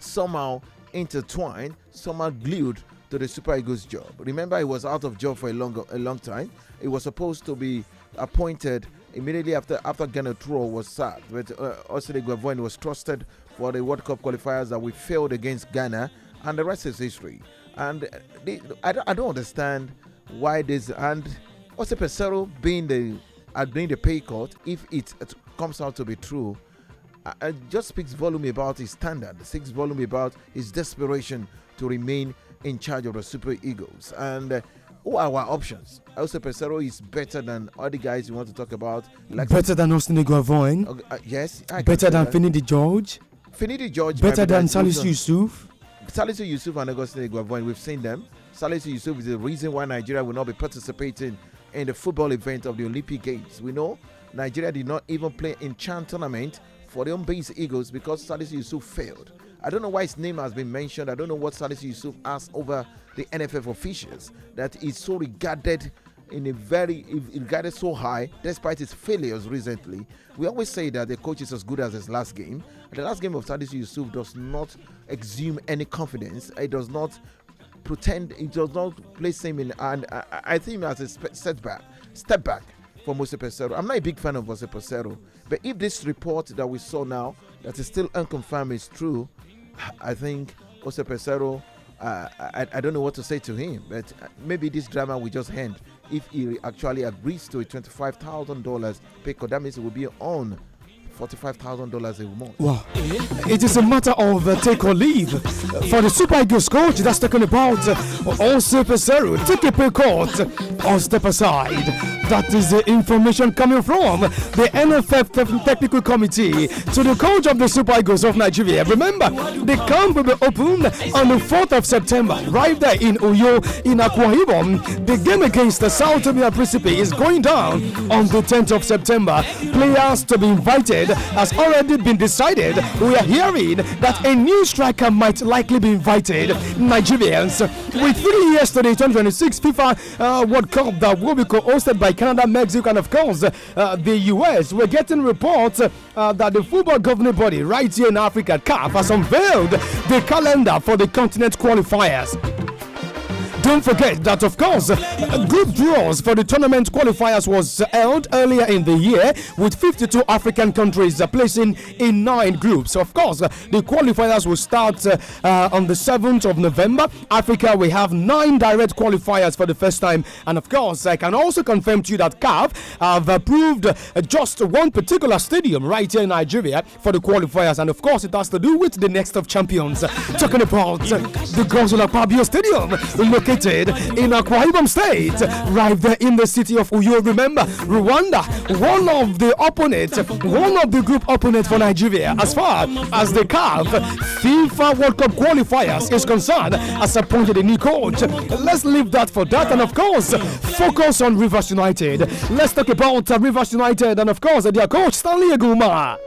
somehow intertwined, somehow glued to the Super Eagles job. Remember, he was out of job for a long, a long time. He was supposed to be appointed immediately after after Ganotro was sacked, but uh, Osele Guavoin was trusted for the World Cup qualifiers that we failed against Ghana, and the rest is history. And uh, they, I, don't, I, don't, understand why this and also Pesaro being the uh, being the pay cut, if it, it, comes out to be true, uh, uh, just speaks volume about his standard, speaks volume about his desperation to remain in charge of the Super Eagles. And uh, who are our options? Also, Pesaro is better than all the guys you want to talk about. Like better than Austin Iguavoin. Okay, uh, yes. better than Finney Finidi George. Finidi George. Better than Salisu Yusuf. Salisu Yusuf and Augustine Iguavoin, we've seen them. Salisu Yusuf is the reason why Nigeria will not be participating in the football event of the Olympic Games. We know Nigeria did not even play in Chan tournament for the home-based Eagles because Salisu Yusuf failed. I don't know why his name has been mentioned. I don't know what Salisu Yusuf asked over the NFF officials that he's so regarded in a very regarded so high despite his failures recently. We always say that the coach is as good as his last game. The last game of Sadis Yusuf does not exude any confidence. It does not pretend. It does not place him in. And I, I think as a setback, step back for Mose Pesero. I'm not a big fan of Mose Pesero, but if this report that we saw now that is still unconfirmed is true, I think Mose Pesero. Uh, I, I don't know what to say to him, but maybe this drama will just end if he actually agrees to a $25,000 pay cut. That means it will be on $45,000 a month. Wow. It is a matter of uh, take or leave. For the Super Eagles coach, that's talking about uh, all Super Zero. Take a pay cut or step aside. That is the information coming from the NFF Technical Committee to the coach of the Super Eagles of Nigeria. Remember, the camp will be open on the 4th of September, right there in Uyo, in Akwa Ibom. The game against the South Tome Principe is going down on the 10th of September. Players to be invited has already been decided. We are hearing that a new striker might likely be invited. Nigerians, with three years to the 2026 FIFA uh, World Cup that will be co-hosted by Canada, Mexico, and of course uh, the US, we're getting reports uh, that the football governing body right here in Africa, CAF, has unveiled the calendar for the continent qualifiers. Don't forget that, of course, group draws for the tournament qualifiers was held earlier in the year with 52 African countries placing in nine groups. Of course, the qualifiers will start uh, uh on the 7th of November. Africa, we have nine direct qualifiers for the first time. And of course, I can also confirm to you that CAF have approved just one particular stadium right here in Nigeria for the qualifiers. And of course, it has to do with the next of champions. Talking about the Gosola Pabio Stadium, located located in a Ibom State, right there in the city of Uyo. Remember, Rwanda, one of the opponents, one of the group opponents for Nigeria, as far as the CAF FIFA World Cup qualifiers is concerned, has appointed a new coach. Let's leave that for that, and of course, focus on Rivers United. Let's talk about Rivers United, and of course, their coach Stanley Aguma.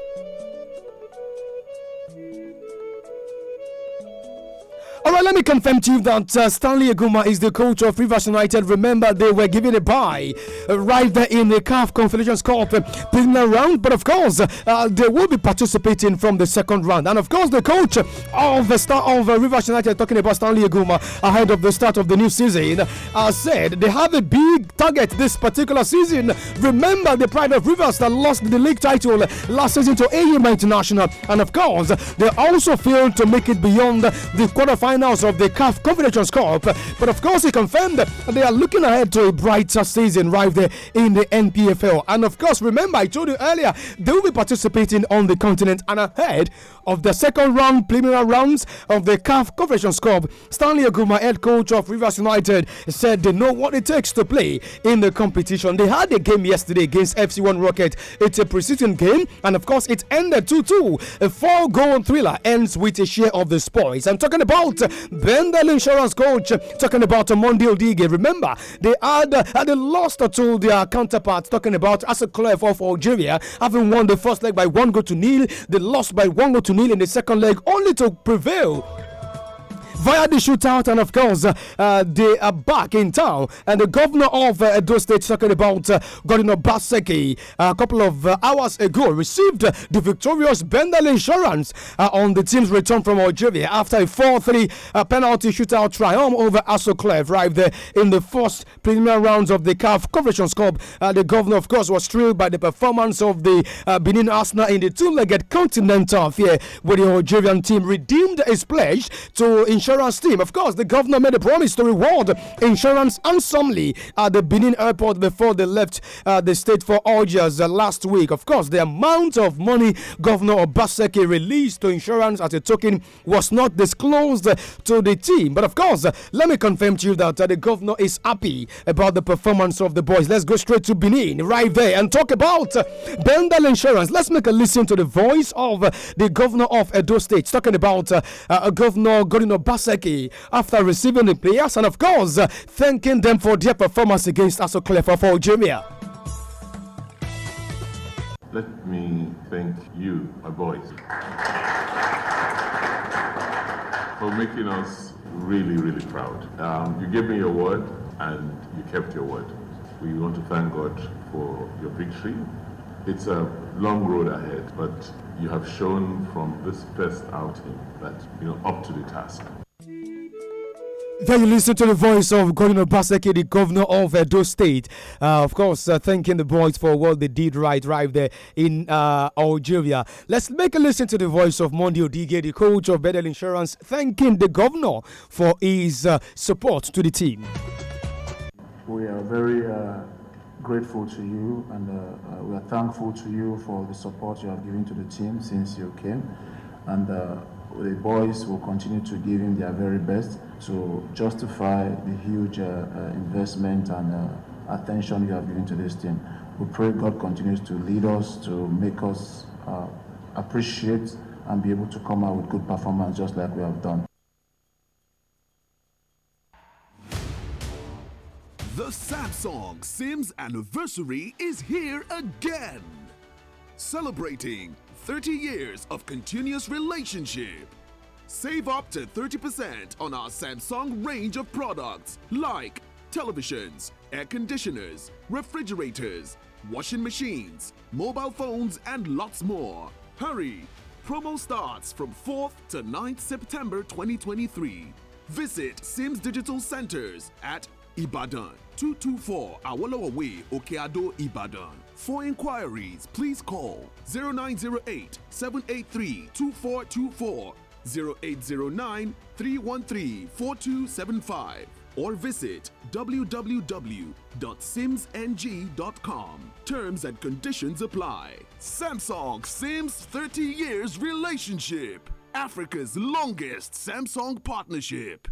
All right, let me confirm to you that uh, Stanley Aguma is the coach of Rivers United. Remember, they were given a bye arrived uh, right there in the CAF Confederations Cup uh, in the round, but of course, uh, they will be participating from the second round. And of course, the coach of the star of Rivers United, talking about Stanley Aguma, ahead of the start of the new season, said they have a big target this particular season. Remember the pride of Rivers that lost the league title last season to AM International, and of course, they also failed to make it beyond the quarterfinal finals of the CAF Confederations Cup. But of course, he confirmed they are looking ahead to a brighter season right there in the NPFL. And of course, remember, I told you earlier, they will be participating on the continent and ahead of the second round, preliminary rounds of the CAF Confederations Cup. Stanley Aguma, head coach of Rivers United, said they know what it takes to play in the competition. They had a game yesterday against FC1 Rocket. It's a precision game, and of course, it ended 2 2. A four goal thriller ends with a share of the spoils. I'm talking about Bendel Insurance Coach, talking about Mondial Digue. Remember, they had uh, they lost to their counterparts, talking about Asakulef of Algeria, having won the first leg by one goal to nil. They lost by one goal to nil in the second leg, only to prevail via the shootout, and of course, uh, they are uh, back in town. And the governor of uh, Edo State, talking about uh, Godino Baseki, uh, a couple of uh, hours ago, received the victorious Bendel insurance on the team's return from Algeria after a 4 3 penalty shootout triumph over Asoclev right there in the first preliminary rounds of the CAF Confederations Cup. the governor, of course, was thrilled by the performance of the Benin Arsenal in the two legged continental affair, where the Algerian team redeemed its pledge to ensure insurance team. Of course, the governor made a promise to reward insurance handsomely at the Benin airport before they left uh, the state for Algiers uh, last week. Of course, the amount of money Governor Obaseki released to insurance as a token was not disclosed uh, to the team. But of course, uh, let me confirm to you that uh, the governor is happy about the performance of the boys. Let's go straight to Benin right there and talk about Bendel Insurance. Let's make a listen to the voice of the governor of Edo State talking about Governor Godin Obaseki after receiving the players and, of course, uh, thanking them for their performance against Aso Clever for Algeria. Let me thank you, my boys, for making us really, really proud. Um, you gave me your word and you kept your word. We want to thank God for your victory. It's a long road ahead, but you have shown from this first outing that you're know, up to the task. There you listen to the voice of Governor Baseke, the governor of Edo State. Uh, of course, uh, thanking the boys for what they did right right there in uh, Algeria. Let's make a listen to the voice of Mondi Odige, the coach of Bedel Insurance, thanking the governor for his uh, support to the team. We are very uh, grateful to you and uh, we are thankful to you for the support you have given to the team since you came. And the boys will continue to give him their very best to justify the huge uh, uh, investment and uh, attention you have given to this thing. We pray God continues to lead us, to make us appreciate and be able to come out with good performance just like we have done. The Samsung Sims anniversary is here again, celebrating 30 years of continuous relationship. Save up to 30% on our Samsung range of products like televisions, air conditioners, refrigerators, washing machines, mobile phones, and lots more. Hurry! Promo starts from 4th to 9th September 2023. Visit Sims Digital Centers at Ibadan, 224 Awolowo Way, Okeado, Ibadan. For inquiries, please call 0908 783 2424 0809 313 4275 or visit www.simsng.com. Terms and conditions apply. Samsung Sims 30 Years Relationship, Africa's longest Samsung partnership.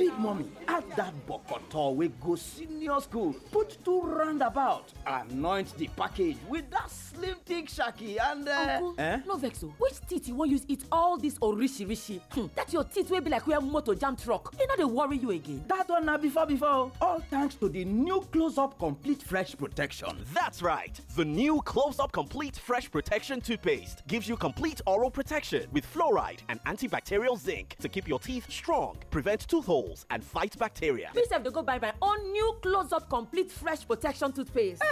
big mommy add that bokoto we go senior school put two roundabout anoint the package with that slim thick shaki and. Uh, uncle eh? no vex which teeth you want use eat all this orishi hmm. that your teeth will be like where motor jam truck you know they worry you again. that one na before before all thanks to the new close up complete fresh protection. that's right the new close up complete fresh protection toothpaste gives you complete oral protection with fluoride and antibacterial zinc to keep your teeth strong prevent tooth hole and fight bacteria. Please have to go buy my own new Close Up Complete Fresh Protection toothpaste.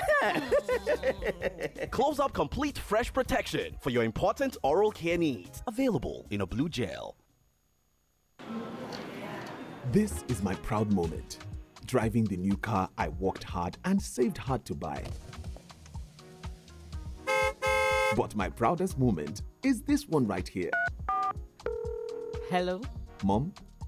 Close Up Complete Fresh Protection for your important oral care needs. Available in a blue gel. This is my proud moment. Driving the new car I worked hard and saved hard to buy. But my proudest moment is this one right here. Hello? Mom,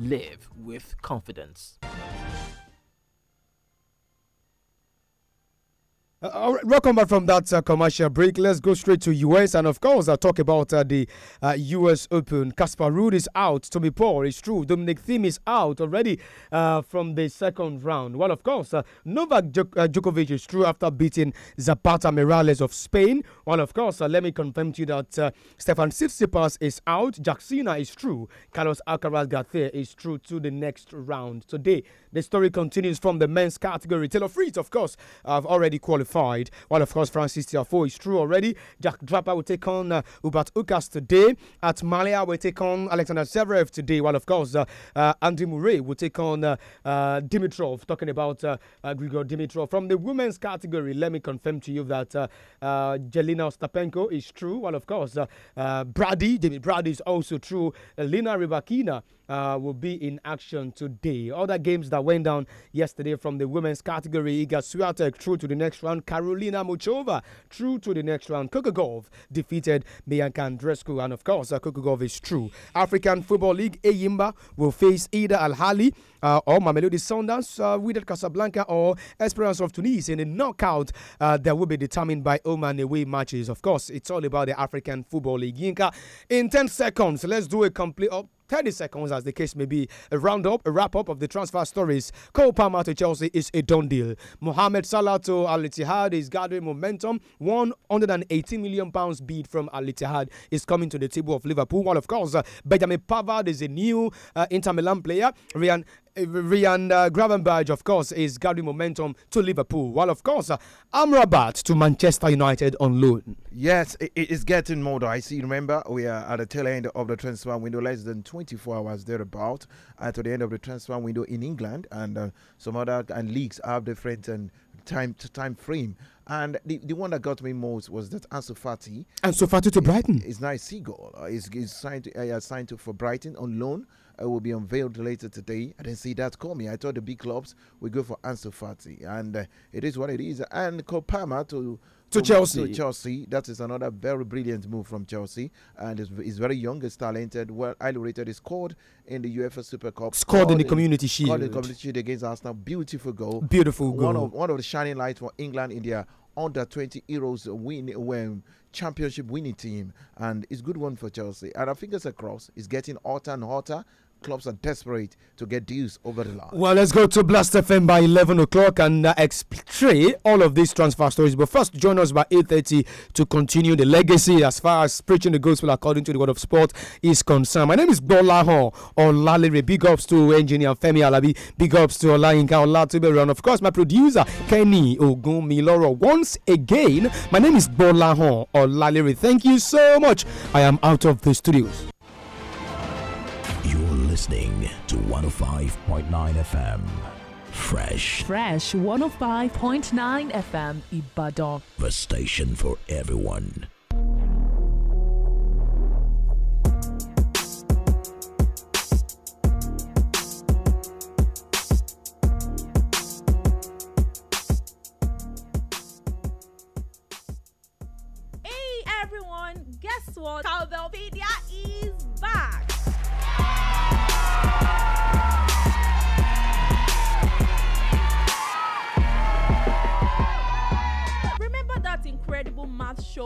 live with confidence. Uh, welcome back from that uh, commercial break. Let's go straight to US and of course i talk about uh, the US uh, Open. Kaspar Ruud is out. Tommy Paul is true. Dominic Thiem is out already uh, from the second round. Well, of course, uh, Novak Djok Djokovic is true after beating Zapata Morales of Spain. Well, of course, let me confirm to you that Stefan Tsitsipas is out. Jacksina is true. Carlos Alcaraz Garcia is true to the next round today. The story continues from the men's category. Taylor Fritz, of course, have already qualified. While, of course, Francis Tiafo is true already. Jack Draper will take on uh, Ubat Ukas today. At Malia will take on Alexander Severev today. While, of course, uh, uh, Andy Murray will take on uh, uh, Dimitrov. Talking about uh, Grigor Dimitrov. From the women's category, let me confirm to you that Jelena Ostapenko is true. While, of course, Brady, David Brady is also true. Lina Rybakina will be in action today. Other games that that went down yesterday from the women's category. Iga Swiatek through to the next round. Karolina Muchova through to the next round. Kukugov defeated Bianca Andrescu. And of course, uh, is true. African Football League, Eyimba will face Ida Al Hali uh, or Mamelodi Sundowns, uh, Wydad Casablanca, or Esperance of Tunis in a knockout uh, that will be determined by Oman away matches. Of course, it's all about the African Football League. Yinka, in 10 seconds, let's do a complete up. 30 seconds, as the case may be, a roundup, a wrap up of the transfer stories. Cole Palmer to Chelsea is a done deal. Mohamed Salah to Al Ittihad is gathering momentum. 118 million pounds bid from Al Ittihad is coming to the table of Liverpool. Well, of course, uh, Benjamin Pavard is a new uh, Inter Milan player. Ryan Ryan uh, Gravenberg, of course, is gathering momentum to Liverpool. While, of course, uh, Amrabat to Manchester United on loan. Yes, it, it's getting more dicey. Remember, we are at the tail end of the transfer window, less than 24 hours thereabout, at uh, the end of the transfer window in England, and uh, some other and leagues have different and time to time frame. And the, the one that got me most was that Ansu Fati. Ansu Fati to Brighton. It's nice. Seagull uh, is, signed, to, uh, signed to for Brighton on loan uh, will be unveiled later today. I didn't see that coming. I thought the big clubs would go for Ansu Fati, and uh, it is what it is. And Copama to to, to Chelsea. To Chelsea. That is another very brilliant move from Chelsea. And is, is very young, is talented, well highly rated. He scored in the UEFA Super Cup. Scored, scored in the in, Community Shield. Scored in the Community Shield against Arsenal. Beautiful goal. Beautiful goal. One of, one of the shining lights for England in their under 20 euros win win um, championship winning team and it's good one for Chelsea and our fingers are crossed it's getting hotter and hotter clubs are desperate to get deals over the line. Well, let's go to Blast FM by 11 o'clock and uh, explain all of these transfer stories. But first, join us by 8.30 to continue the legacy as far as preaching the gospel according to the word of sport is concerned. My name is Bolahon Olalere. Big ups to engineer Femi Alabi. Big ups to Olayinka Olatubere. And of course, my producer, Kenny Ogumiloro. Once again, my name is Bolahon Olalere. Thank you so much. I am out of the studios listening to 105.9 FM. Fresh. Fresh 105.9 FM Ibadan. The station for everyone. Hey everyone, guess what? Cowbellpedia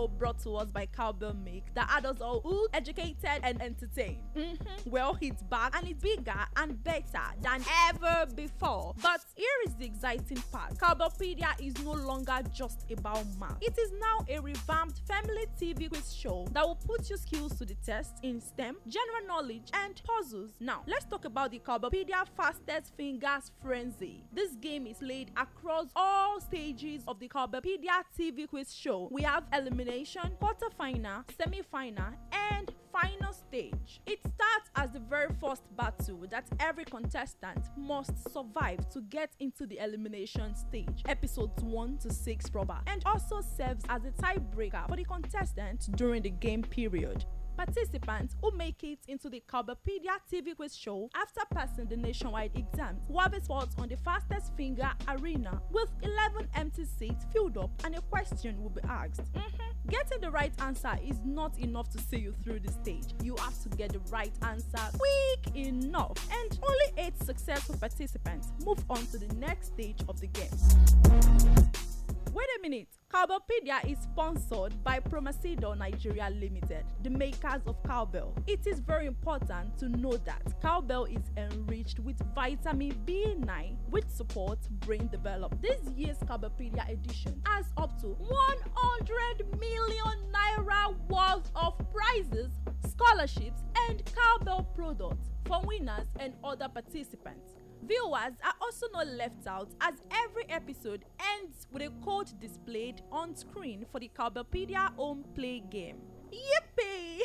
show brought to us by Cowbell Make that had us all educated, and entertained. Mm-hmm. Well, it's back and it's bigger and better than ever before. But here is the exciting part Cowbellpedia is no longer just about math, it is now a revamped family TV quiz show that will put your skills to the test in STEM, general knowledge, and puzzles. Now, let's talk about the Cowbellpedia Fastest Fingers Frenzy. This game is played across all stages of the Cowbellpedia TV quiz show. We have eliminated elimination, quarterfinal, semifinal, and final stage. It starts as the very first battle that every contestant must survive to get into the elimination stage, episodes 1 to 6 proper, and also serves as a tiebreaker for the contestant during the game period. Participants who make it into the Carbopedia TV quiz show after passing the nationwide exam will have a spot on the fastest finger arena with 11 empty seats filled up and a question will be asked. Mm-hmm. Getting the right answer is not enough to see you through the stage. You have to get the right answer quick enough. And only eight successful participants move on to the next stage of the game. Wait a minute. Cowbellpedia is sponsored by Promasido Nigeria Limited, the makers of cowbell. It is very important to know that cowbell is enriched with vitamin B9, which supports brain development. This year's Cowbellpedia edition has up to 100 million naira worth of prizes, scholarships, and cowbell products for winners and other participants. Viewers are also not left out as every episode ends with a code displayed on screen for the Cowbellpedia home play game. Yippee!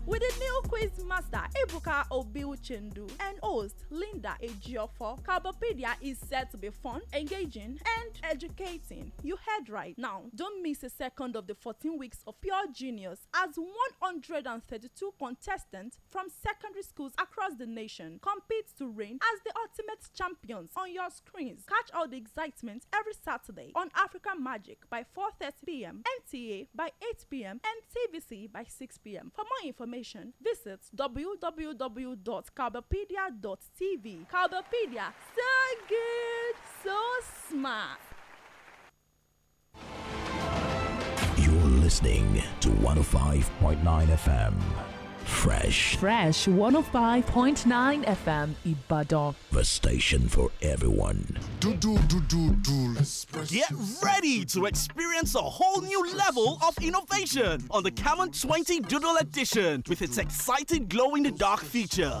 With the new quiz master Ibuka Obiuchendu and host Linda Ejiofo, Carbopedia is set to be fun, engaging, and educating. You heard right. Now, don't miss a second of the 14 weeks of pure genius as 132 contestants from secondary schools across the nation compete to reign as the ultimate champions on your screens. Catch all the excitement every Saturday on Africa Magic by 4:30 p.m., NTA by 8 p.m., and TVC by 6 p.m. For more information, visit www.calbepedia.tv. Calbepedia, so good, so smart. You're listening to 105.9 FM. Fresh. Fresh 105.9 FM Ibadan. The station for everyone. Do, do, do, do, do. Get ready to experience a whole new level of innovation on the Camon 20 Doodle Edition with its exciting glow in the dark feature.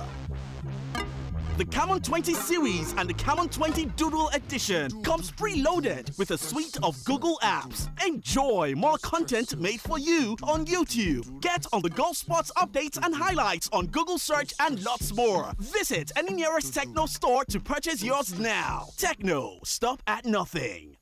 The Camon 20 series and the Camon 20 Doodle edition comes preloaded with a suite of Google apps. Enjoy more content made for you on YouTube. Get on the golf spots updates and highlights on Google search and lots more. Visit any nearest techno store to purchase yours now. Techno, stop at nothing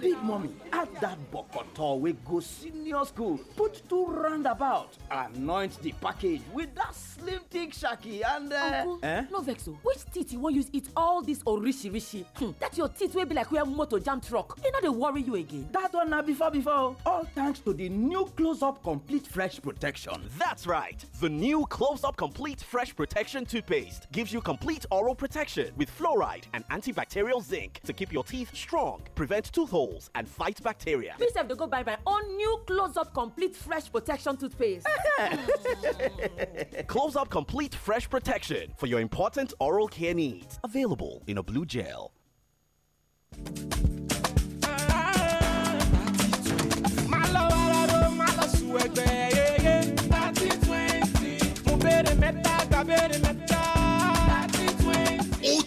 big mommy add that bokoto wey go senior school put two roundabout anoint the package with that slim thick shaki and uh, uncle eh? no vex o which teeth you wan use eat all this orishirishi hmm That your teeth wey be like where motor jam truck e no dey worry you again dat one na before before all thanks to di new close up complete fresh protection that's right the new close up complete fresh protection toothpaste gives you complete oral protection with fluoride and antibacterial zinc to keep your teeth strong prevent tooth holes and fight bacteria. Me have dey go buy my own new Close Up Complete Fresh Protection toothpaste. Close Up Complete Fresh Protection for your important oral care needs. Available in a blue gel. mo bèrè mẹ́ta, bèrè mẹ́ta.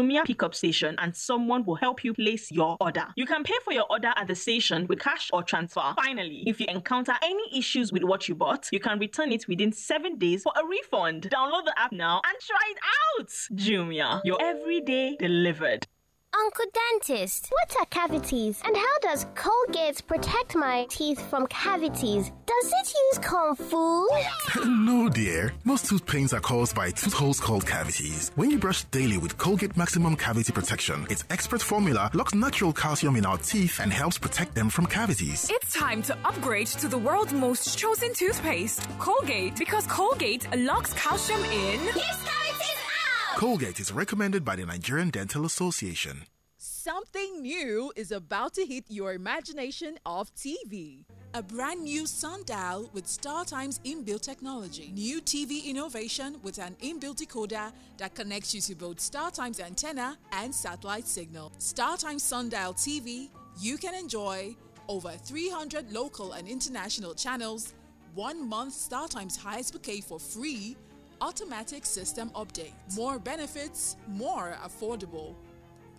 Jumia pickup station and someone will help you place your order. You can pay for your order at the station with cash or transfer. Finally, if you encounter any issues with what you bought, you can return it within seven days for a refund. Download the app now and try it out. Jumia, your everyday delivered. Uncle Dentist, what are cavities? And how does Colgate protect my teeth from cavities? Does it use kung no, dear. Most tooth pains are caused by tooth holes called cavities. When you brush daily with Colgate Maximum Cavity Protection, its expert formula locks natural calcium in our teeth and helps protect them from cavities. It's time to upgrade to the world's most chosen toothpaste, Colgate, because Colgate locks calcium in. cavities out! Colgate is recommended by the Nigerian Dental Association. Something new is about to hit your imagination of TV. A brand new sundial with StarTime's inbuilt technology. New TV innovation with an inbuilt decoder that connects you to both StarTime's antenna and satellite signal. StarTimes Sundial TV, you can enjoy over 300 local and international channels, one month StarTime's highest bouquet for free, automatic system update. More benefits, more affordable.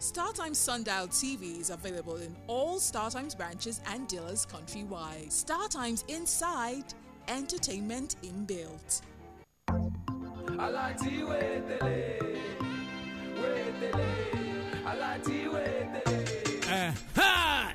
StarTimes Sundial TV is available in all StarTimes branches and dealers countrywide. StarTimes Inside, entertainment inbuilt. I like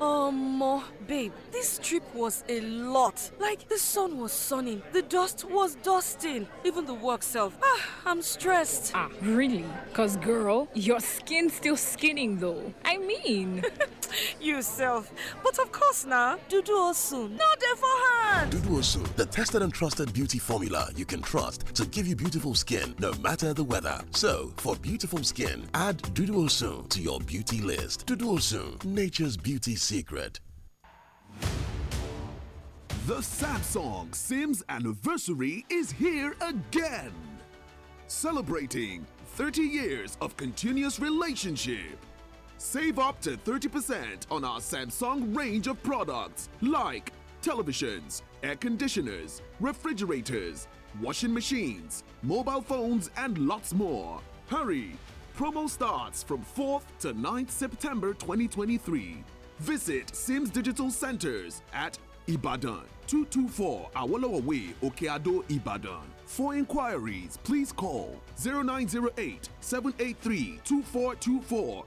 Um, uh, babe, this trip was a lot. Like, the sun was sunning, the dust was dusting, even the work self. Ah, I'm stressed. Ah, really? Cause, girl, your skin's still skinning though. I mean, yourself. But of course, now, nah, Dudu Osun. Not there for hand. Dudu Osun, the tested and trusted beauty formula you can trust to give you beautiful skin no matter the weather. So, for beautiful skin, add Dudu Osun to your beauty list. Dudu Osun, nature's beauty secret. The Samsung Sims anniversary is here again. Celebrating 30 years of continuous relationship. Save up to 30% on our Samsung range of products like televisions, air conditioners, refrigerators, washing machines, mobile phones, and lots more. Hurry! Promo starts from 4th to 9th September 2023. Visit Sims Digital Centers at Ibadan, 224 Awolowo Way, Okeado, Ibadan. For inquiries, please call 0908 783 2424,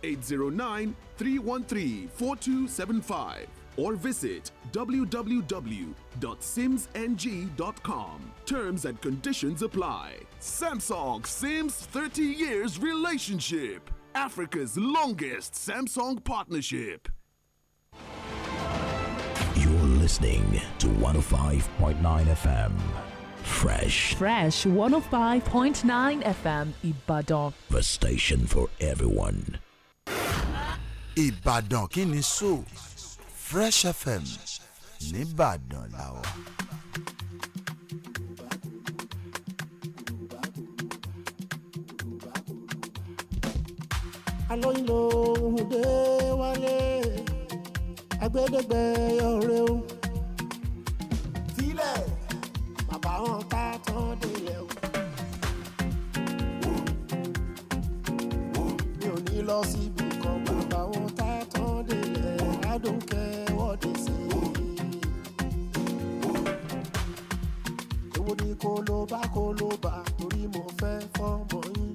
0809 313 4275, or visit www.simsng.com. Terms and conditions apply. Samsung Sims 30 Years Relationship. Africa's longest Samsung partnership. You're listening to 105.9 FM. Fresh. Fresh 105.9 FM Ibadan. The station for everyone. Ibadan kini so. Fresh FM. Nibadan lao. alóyin ló ń dé wálé agbẹ́dẹ́gbẹ́ ọ̀rẹ́ o. tilẹ̀ bàbá wọn ká tán délẹ̀ o. mi ò ní lọ síbi kan bàbá wọn ká tán délẹ̀ adókẹ́ wọ́dí sí i. èwo ni kó ló bá kó ló bá torí mo fẹ́ fọ́mọ yín.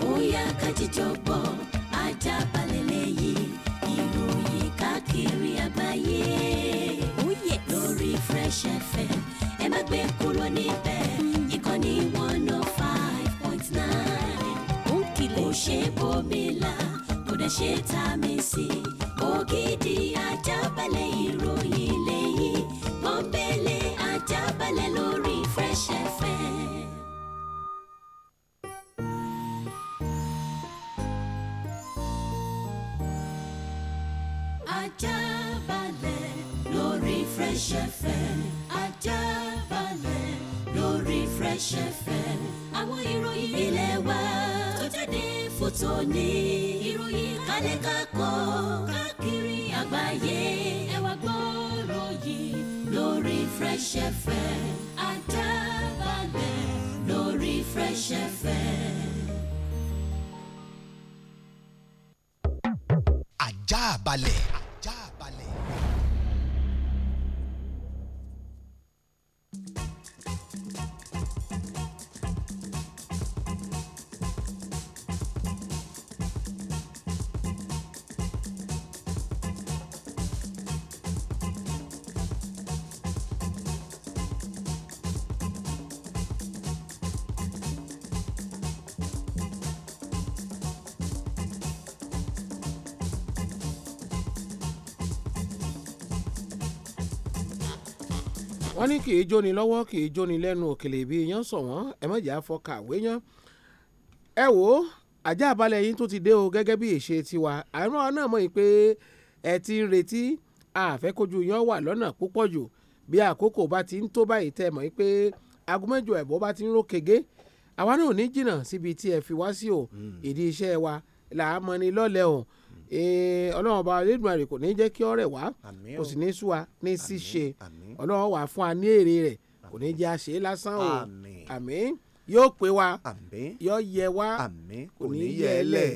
bóyá ká jíjọ bọ̀ ajá balẹ̀ lẹ́yìn ìròyìn káàkiri àgbáyé. Ó oh yẹ lórí Fresh FM ẹ má gbé kúrò níbẹ̀ ìkànnì one oh five point nine. Ó ń kìlẹ̀. Kò ṣe bòmílà kò dẹ̀ ṣe tá a mi sí. Ògidì ajá ìròyìn lẹ́yìn pọ́npẹ́lẹ́. Ajábalẹ̀ lórí Fresh FM. Ajabale lórí Fresh FM. Ajabale lórí Fresh FM. Àwọn ìròyìn ilé wa tó jáde fún tòní. Ìròyìn kálẹ̀ káà. Fresh FM Àdábàgbé lórí Fresh FM. Àjààbalẹ̀. kì í jóni lọ́wọ́ kì í jóni lẹ́nu òkèlè bí iyán sọ wọ́n ẹ má jẹ́ àfọkà àwé ẹ wo ajá àbálẹ̀ yín tó ti dé o gẹ́gẹ́ bí ìṣe tiwa àìrán ọ náà mọ̀ yìí pé ẹ ti ń retí àfẹ́kójú yán wà lọ́nà púpọ̀ jù bí àkókò bá ti ń tó báyìí tẹ́ mọ̀ yìí pé aago ẹ̀bọ́ bá ti ń ró àwa náà ò ní jìnnà síbi tí ẹ fi wá sí o hmm. ìdí iṣẹ́ wa là á mọ ni lọ́lẹ̀ o Eh, ọlọ́run ọba Elédùmarè kò ní jẹ́ kí ọ̀rẹ́ wá kò sì ní sú wa ní ṣíṣe ọlọ́run wà fún wa ní èrè rẹ̀ kò ní jẹ́ àṣẹ lásán o àmín yóò pé wa yóò yẹ wa kò ní yẹ ẹ lẹ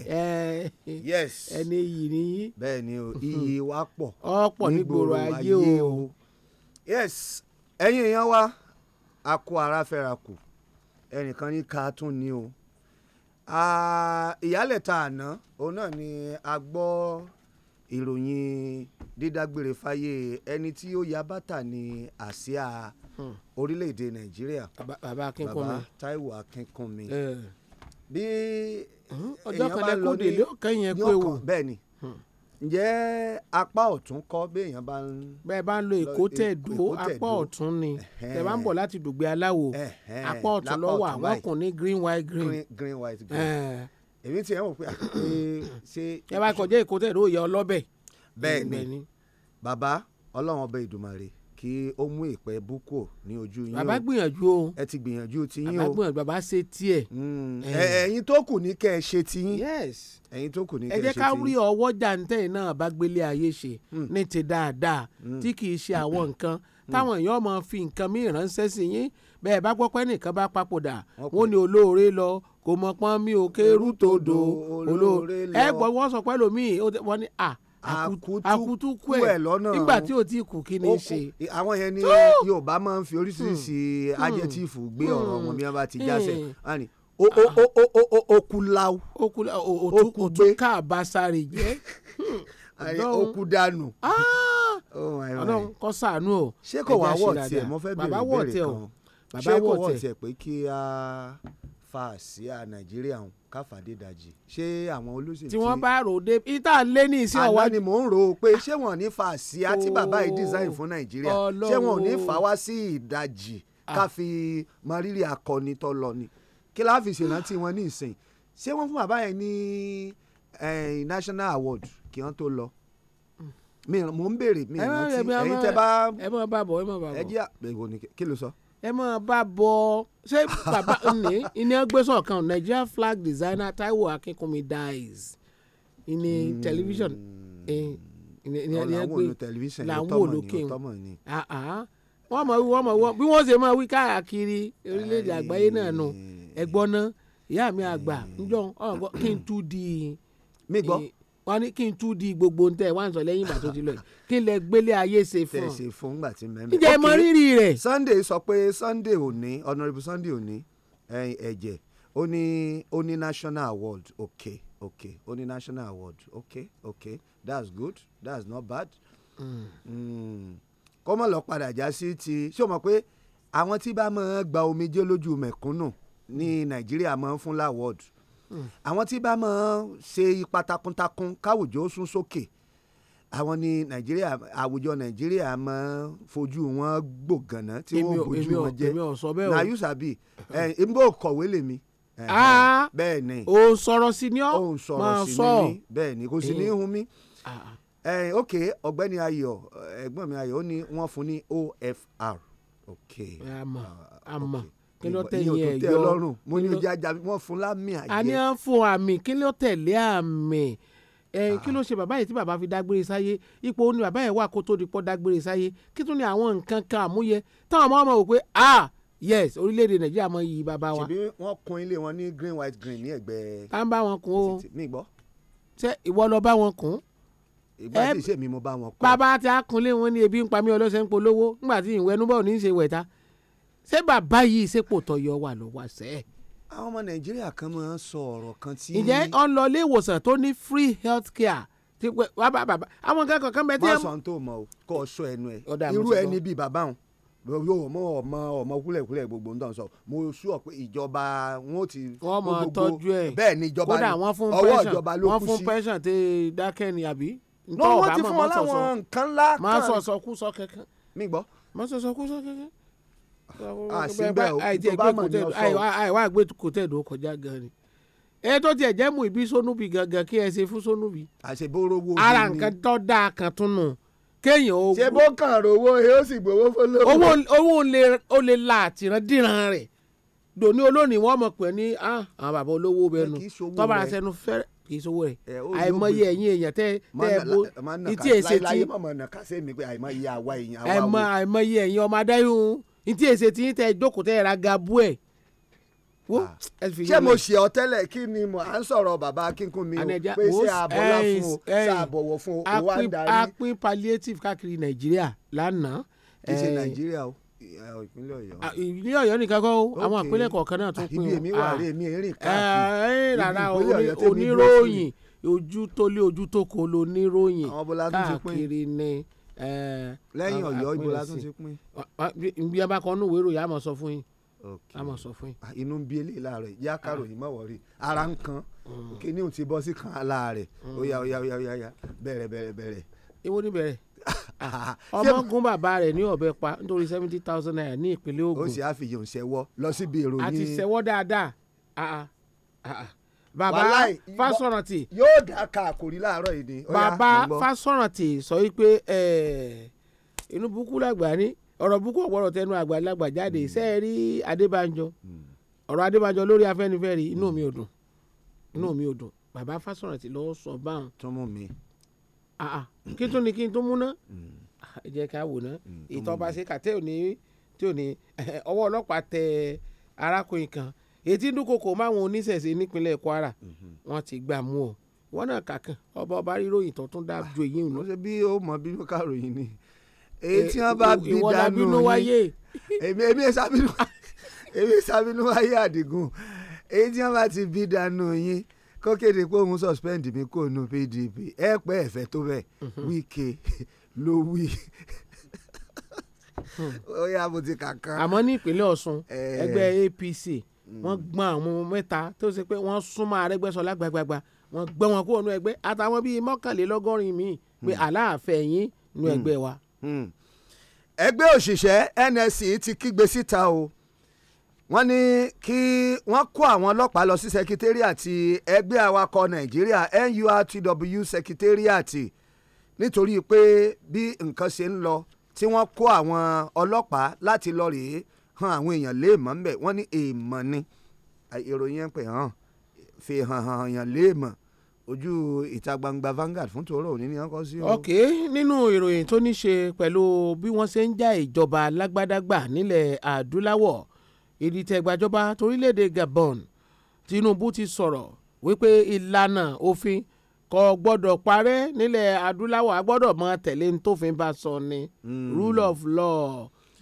ẹni iyì nìyí. bẹ́ẹ̀ni o iyì wa pọ̀ ọ̀pọ̀ nígboro ayé o. yes ẹ̀yin èèyàn wa a kó ara fẹ́ra kù ẹnìkan ní ká tún ni o ìyálẹ̀ta àná òun náà ni a gbọ́ ìròyìn dídágbére fáyé ẹni tí ó ya bàtà ní àsíá hmm. orílẹ̀-èdè nàìjíríà bàbá akínkúnmi táíwò akínkúnmi eh. bí hmm, èèyàn bá lọ ní ọkàn bẹ́ẹ̀ ni ǹjẹ́ apá ọ̀tún kọ́ béèyàn bá ń. bẹ́ẹ̀ bá ń lo ìkótẹ̀ èdò apá ọ̀tún ni tẹ̀ bá ń bọ̀ láti dùgbé aláwo apá ọ̀tún lọ́wọ́ àwọn kùn ní green white green. green white green. èmi tiẹ̀ wò pé ah, ṣé. ẹ bá kọjá ìkótẹ̀ èdò ìyá ọlọ́bẹ̀. bẹ́ẹ̀ ni bàbá ọlọ́run ọbẹ̀ ìdùmarè kí ó mú ìpẹ́ búkò ní ojú yín o bàbá gbìyànjú o ẹ ti gbìyànjú tiyín o bàbá gbìyànjú bàbá ṣe tiẹ̀. Hmm. ẹ̀yin tó kù ní kẹ́ ẹ ṣe tiyín ẹ̀yin tó kù ní kẹ́ ẹ ṣe tiyín. ẹ jẹ́ ká rí ọwọ́ jàǹtẹ̀ náà bá ayé ṣe hmm. ní ti dáadáa hmm. tí kì í ṣe àwọn nǹkan táwọn èèyàn máa fi nǹkan míì ránṣẹ́ sí yín bẹ́ẹ̀ bá gbọ́ pé nìkan bá papòdà wọ́n ní olóore lọ kò mọ̀ pọ́n mi ò kéérú tòdò olóore lọ ẹ gbọ́ wọ́n sọ pé lómi wọ́n ní à akutu kú ẹ lọ́nà nígbà tí o ti kù kí ni ṣe. àwọn yẹn ni yorùbá máa ń fi oríṣiríṣi hmm. hmm. adjẹ́tífù gbé ọ̀rọ̀ wọn hmm. bí wọ́n bá ti jáṣẹ̀ ani okulaw okugbe òtúkà àbáṣárì jẹ́ okú ah! oh dànù. ọlọ́run kó ṣàánú o. ṣé kò wá wọ̀ tiẹ̀ mo fẹ́ béèrè béèrè kan ṣé kò wọ̀ tiẹ̀ pé kí a fà sí nàìjíríà ká fàdé dajì ṣé àwọn olóṣèlú. tí wọ́n bá rò ó dé ìta lé ní ìsìn ọ̀wá. àná ni mò ń rò ó pé ṣé wọn ò ní fà sí àti bàbá yìí design fún nàìjíríà ṣé wọn ò ní fà wá sí ìdajì ah. ká fi akọni tó lọ ni kí la fi ṣèrántí wọn ní ìsìn ṣé wọn fún bàbá yẹn ní eh, national award kí wọn tó lọ mo ń béèrè mi ìrántí ẹ̀yin tẹ́ bá ẹ mọ bàbọ ẹ mọ bàbọ ẹ jẹ kí ló sọ ẹ máa bá bọ ṣé bàbá ni iná gbẹ́sàn kan Nigeria flag designer Taiwo Akínkúnmi dies hmm. eh, ní tẹlifíṣàn làwọn olókè wọn mọ wí wọn mọ wí bí wọn ṣe máa wí káàkiri orílẹ̀-èdè àgbáyé náà nù ẹ̀gbọ́n náà ìyá mi àgbà ńjọ kí n tún di. mi gbọ́ eh, wọ́n ní kí n tú di gbogbo ohun tẹ́ ẹ wá ìgbà tó ti lọ yìí kí n lẹ gbélé ayé ṣe fún ọ. tẹ̀ fún gbà tí mẹ́mẹ́. ǹjẹ́ mọ rírì rẹ̀. Sunday sọ pé Sunday òní honourable Sunday òní ẹ̀jẹ̀ ó ní ó ní national award okay okay ó ní national award okay okay that's good that's not bad. Hmm. Hmm. kọ́mọ̀ lọ padà já sí ti ṣé o mọ̀ pé àwọn tí bá máa gba omijé lójú mẹ̀kúnnù ní Nàìjíríà máa ń fún láwọ́ọ̀dù àwọn tí bá mọ̀ ṣe ipa takuntakun káwùjọ sún sókè àwọn ni nàìjíríà àwùjọ nàìjíríà máa fojú wọn gbògànná tí wọn fojú wọn jẹ na you sabi ẹ ẹ n bò kọ̀wé lèmi ah! bẹ́ẹ̀ ni o sọ̀rọ̀ sí ni ọ́ máa sọ bẹ́ẹ̀ ni kò sí ní eh. hun mi ah, ah. ok ọ̀gbẹ́ni ayọ̀ ẹ̀gbọ́n mi ayọ̀ ó ní wọ́n fún ní OFR ok àmọ́ àmọ́. Okay kí ló tẹ̀lé ẹ̀ yọ ọlọ́run mo ní ojú ajá wọn fún lámì àyè. a ní à ń fún àmì kí ló tẹ̀lé àmì ah. kí ló ṣe bàbá yìí tí bàbá fi dágbére sáyé ipò ó ní bàbá yẹn wà kó tó di pọ́ dágbére sáyé kí tún ní àwọn nǹkan kan àmúyẹ táwọn ọmọ ọmọ wò pé ah yes orílẹ̀-èdè nàìjíríà mọ iyì bàbá wa. ṣèbí wọ́n kun ilé wọn ní green white green ní ẹ̀gbẹ́. tá n bá wọn kun o mi gbọ́. ṣé ìwọ lọ bá wọn kun. ìgbà tí ìṣe mi mo bá wọn kun. bàbá tí a kunlé wọn ní ebi ń pa mí ọlọ́sẹ̀ ń polówó nígbà tí ìwẹ́nú bọ̀ ní í ṣe wẹ̀ta ṣé bàbá yìí ṣépò tọyọ wà ló wà sẹ́ẹ̀. àwọn ọmọ nàìjíríà kan máa ń sọ ọ̀rọ̀ kan tí. ǹjẹ́ ọ̀nà ilé ìwòsàn tó ní free health care ti pẹ́ wá bá bàbá àwọn nǹkan kankan bẹ́ẹ̀ tí. wọ́n sọ tó mọ o kó o sọ ẹnu ẹ irú ẹni bíi bàbá òun yóò mọ ọmọ ọmọ kúlẹ̀kúlẹ̀ gbogbo ń dàn sọ mo sọ pé ìjọba wọn ti. wọ́n mọ tọ́jú ẹ̀ bẹ́ẹ̀ ni ìjọba ni ọwọ́ ìjọba ló kù sí. wọ́n fún pension ti dákẹ́ni àbí. ní wọ́n ti fún wọn láwọn nǹkan ńlá kan. máa sọ sọkúsọ kankan. mi gbọ́. máa sọ sọkúsọ kankan Ah, àṣìbẹ̀ tó bá mọ̀ ní ọ̀ṣọ́. àìwá àgbẹ̀ kòtẹ́ẹ̀dù kọjá gan ni ẹ tó tiẹ̀ jẹ́ mú ibi sónúbi gangan kí ẹ ṣe fún sónúbi. àṣebórówó ni ara nǹkan tó dáa kan tún nù kéèyàn ó. ṣé bó kàn rówó ẹ ó sì gbowó fọlọ́. owó ó lè la àtìrán díran rẹ̀ dòní olónìí wọn mọ̀ pé ní ah, àwọn bàbá olówó bẹnu tọ́ba àṣẹnu fẹ́rẹ́ kì í sowó rẹ àìmọye ẹ̀yin èèyàn tẹ tẹ bo ìtí èsè tí àìmọye àwa èèyàn àìmọye ẹ̀yin ọmọ adáyún ntí èsè tí yín tẹ jókòó tẹ ra gabu ah. ẹ. ṣé mo ṣe ọ tẹ́lẹ̀ kí ni mo à ń sọ̀rọ̀ bàbá akínkùn mi o pé ṣé àbọ̀lá fún o ṣé àbọ̀wọ̀ fún o a pín palliative káàkiri nàìjíríà lánàá. kì ṣe nàìjíríà o ìpínlẹ̀ ọ̀yọ́. ìpínlẹ̀ ọ̀yọ́ nìkan kọ́ àwọn kọ̀ọ̀kan náà ah, pín o. ibi èmi wà ah. rí èmi rìn káàkiri. rárá oníròyìn ojú Eh, lẹ́yìn ọ̀yọ́ ibo la tún ti pín. bí a bá kọ́ nùwé ròyìn àmọ̀ sọ fún yín àmọ̀ sọ fún yín. Ah, inú ń bí eléyìí láàárọ̀ yìí yá káròyìn ah. mọ̀ wọ́rí ara ń kan mm. kíní ò ti bọ́ sí kan láàárẹ̀ mm. ó yá ó yá ó yá ó yá bẹ̀rẹ̀ bẹ̀rẹ̀ bẹ̀rẹ̀. ewo ni bẹ̀rẹ̀ ọmọ gun bàbá rẹ̀ ní ọ̀bẹ pa nítorí seventy thousand naira ní ìpínlẹ̀ Ògùn. ó sì àfihàn ṣẹwọ́ lọ síbi ìròyìn. àti ṣẹwọ́ dáadáa ah, bàbá fásọ̀rántì yóò àkòrí bàbá sọ wípé inú burúkú làgbà ní ọ̀rọ̀ burúkú ọ̀gbọ́rọ̀ tẹnu àgbàlagbà jáde sẹ́ẹ̀rí hmm. adébánjọ hmm. ọ̀rọ̀ adébánjọ lórí afẹ́nifẹ́ri inú hmm. mi ò dùn inú mi ò dùn bàbá lọ́wọ́ sọ báwọn. tọmọ mi. kí tún ni kí n tó múná ká wò ná ìtọ́ba ṣe tí ò ní ọwọ́ ọlọ́pàá tẹ arákùnrin kan ètí dúnkokò máwọn oníṣẹ̀ṣe nípínlẹ̀ Kwara mhm. wọ́n ti gbà mú ọ wọn náà kàkàn ọba ọba ríròyìn tó tún dáa ah. ju èyí lọ. bí ó mọ bínú kàròyìn ni eh, èyí tí wọn bá bí dànù ni èmi ẹ sábínú èmi sábínú wáyé àdìgún èyí tí wọn bá ti bí dànù yín kó kéde pé òun suspend mi kó nu PDP ẹ pẹ ẹfẹ tó bẹ mhm. Wike ló wí hmm. ó yá mo ti kàkan. àmọ́ ní ìpínlẹ̀ Ọ̀ṣun eh. ẹgbẹ́ APC Mm. wọ́n gbọ́n àwọn ọmọ mẹ́ta tó ṣe pé wọ́n súnmọ́ Arẹ́gbẹ́ṣọlá gbàgbàgbà wọ́n gbé wọn kúrò nínú ẹgbẹ́ àtàwọn bíi mọ́kànlélọ́gọ́rin míì pé aláàfẹ́ mm. yín nínú mm. ẹgbẹ́ wa. ẹgbẹ́ òṣìṣẹ́ NSC ti kígbe síta o wọ́n ní kí wọ́n kó àwọn ọlọ́pàá lọ sí secretariat ẹgbẹ́ awakọ̀ Nàìjíríà NURTW secretariat nítorí pé bí nǹkan ṣe ń lọ tí wọ́n kó àwọn ọlọ́pàá láti lọ rèé han àwọn èèyàn léèmọ̀ ńbẹ̀ wọ́n ní èèmọ̀ ni ìròyìn ẹ̀ pé hàn fi hàn hàn èèyàn léèmọ̀ ojú ìta gbangba Vanguard fún tòórọ́ òní ni wọ́n kọ́ sí o. ok nínú ìròyìn tó ní ṣe pẹ̀lú bí wọ́n ṣe ń já ìjọba lágbádágbà nílẹ̀ adúláwọ̀ ìdìtẹ̀gbàjọba torílẹ̀-èdè Gabon Tinubu ti sọ̀rọ̀ wípé ìlànà òfin kò gbọ́dọ̀ parẹ́ nílẹ̀ adúláwọ̀ a gbọ́dọ̀ máa tẹ̀lé ní tófin bá sọ ni hmm. rule of law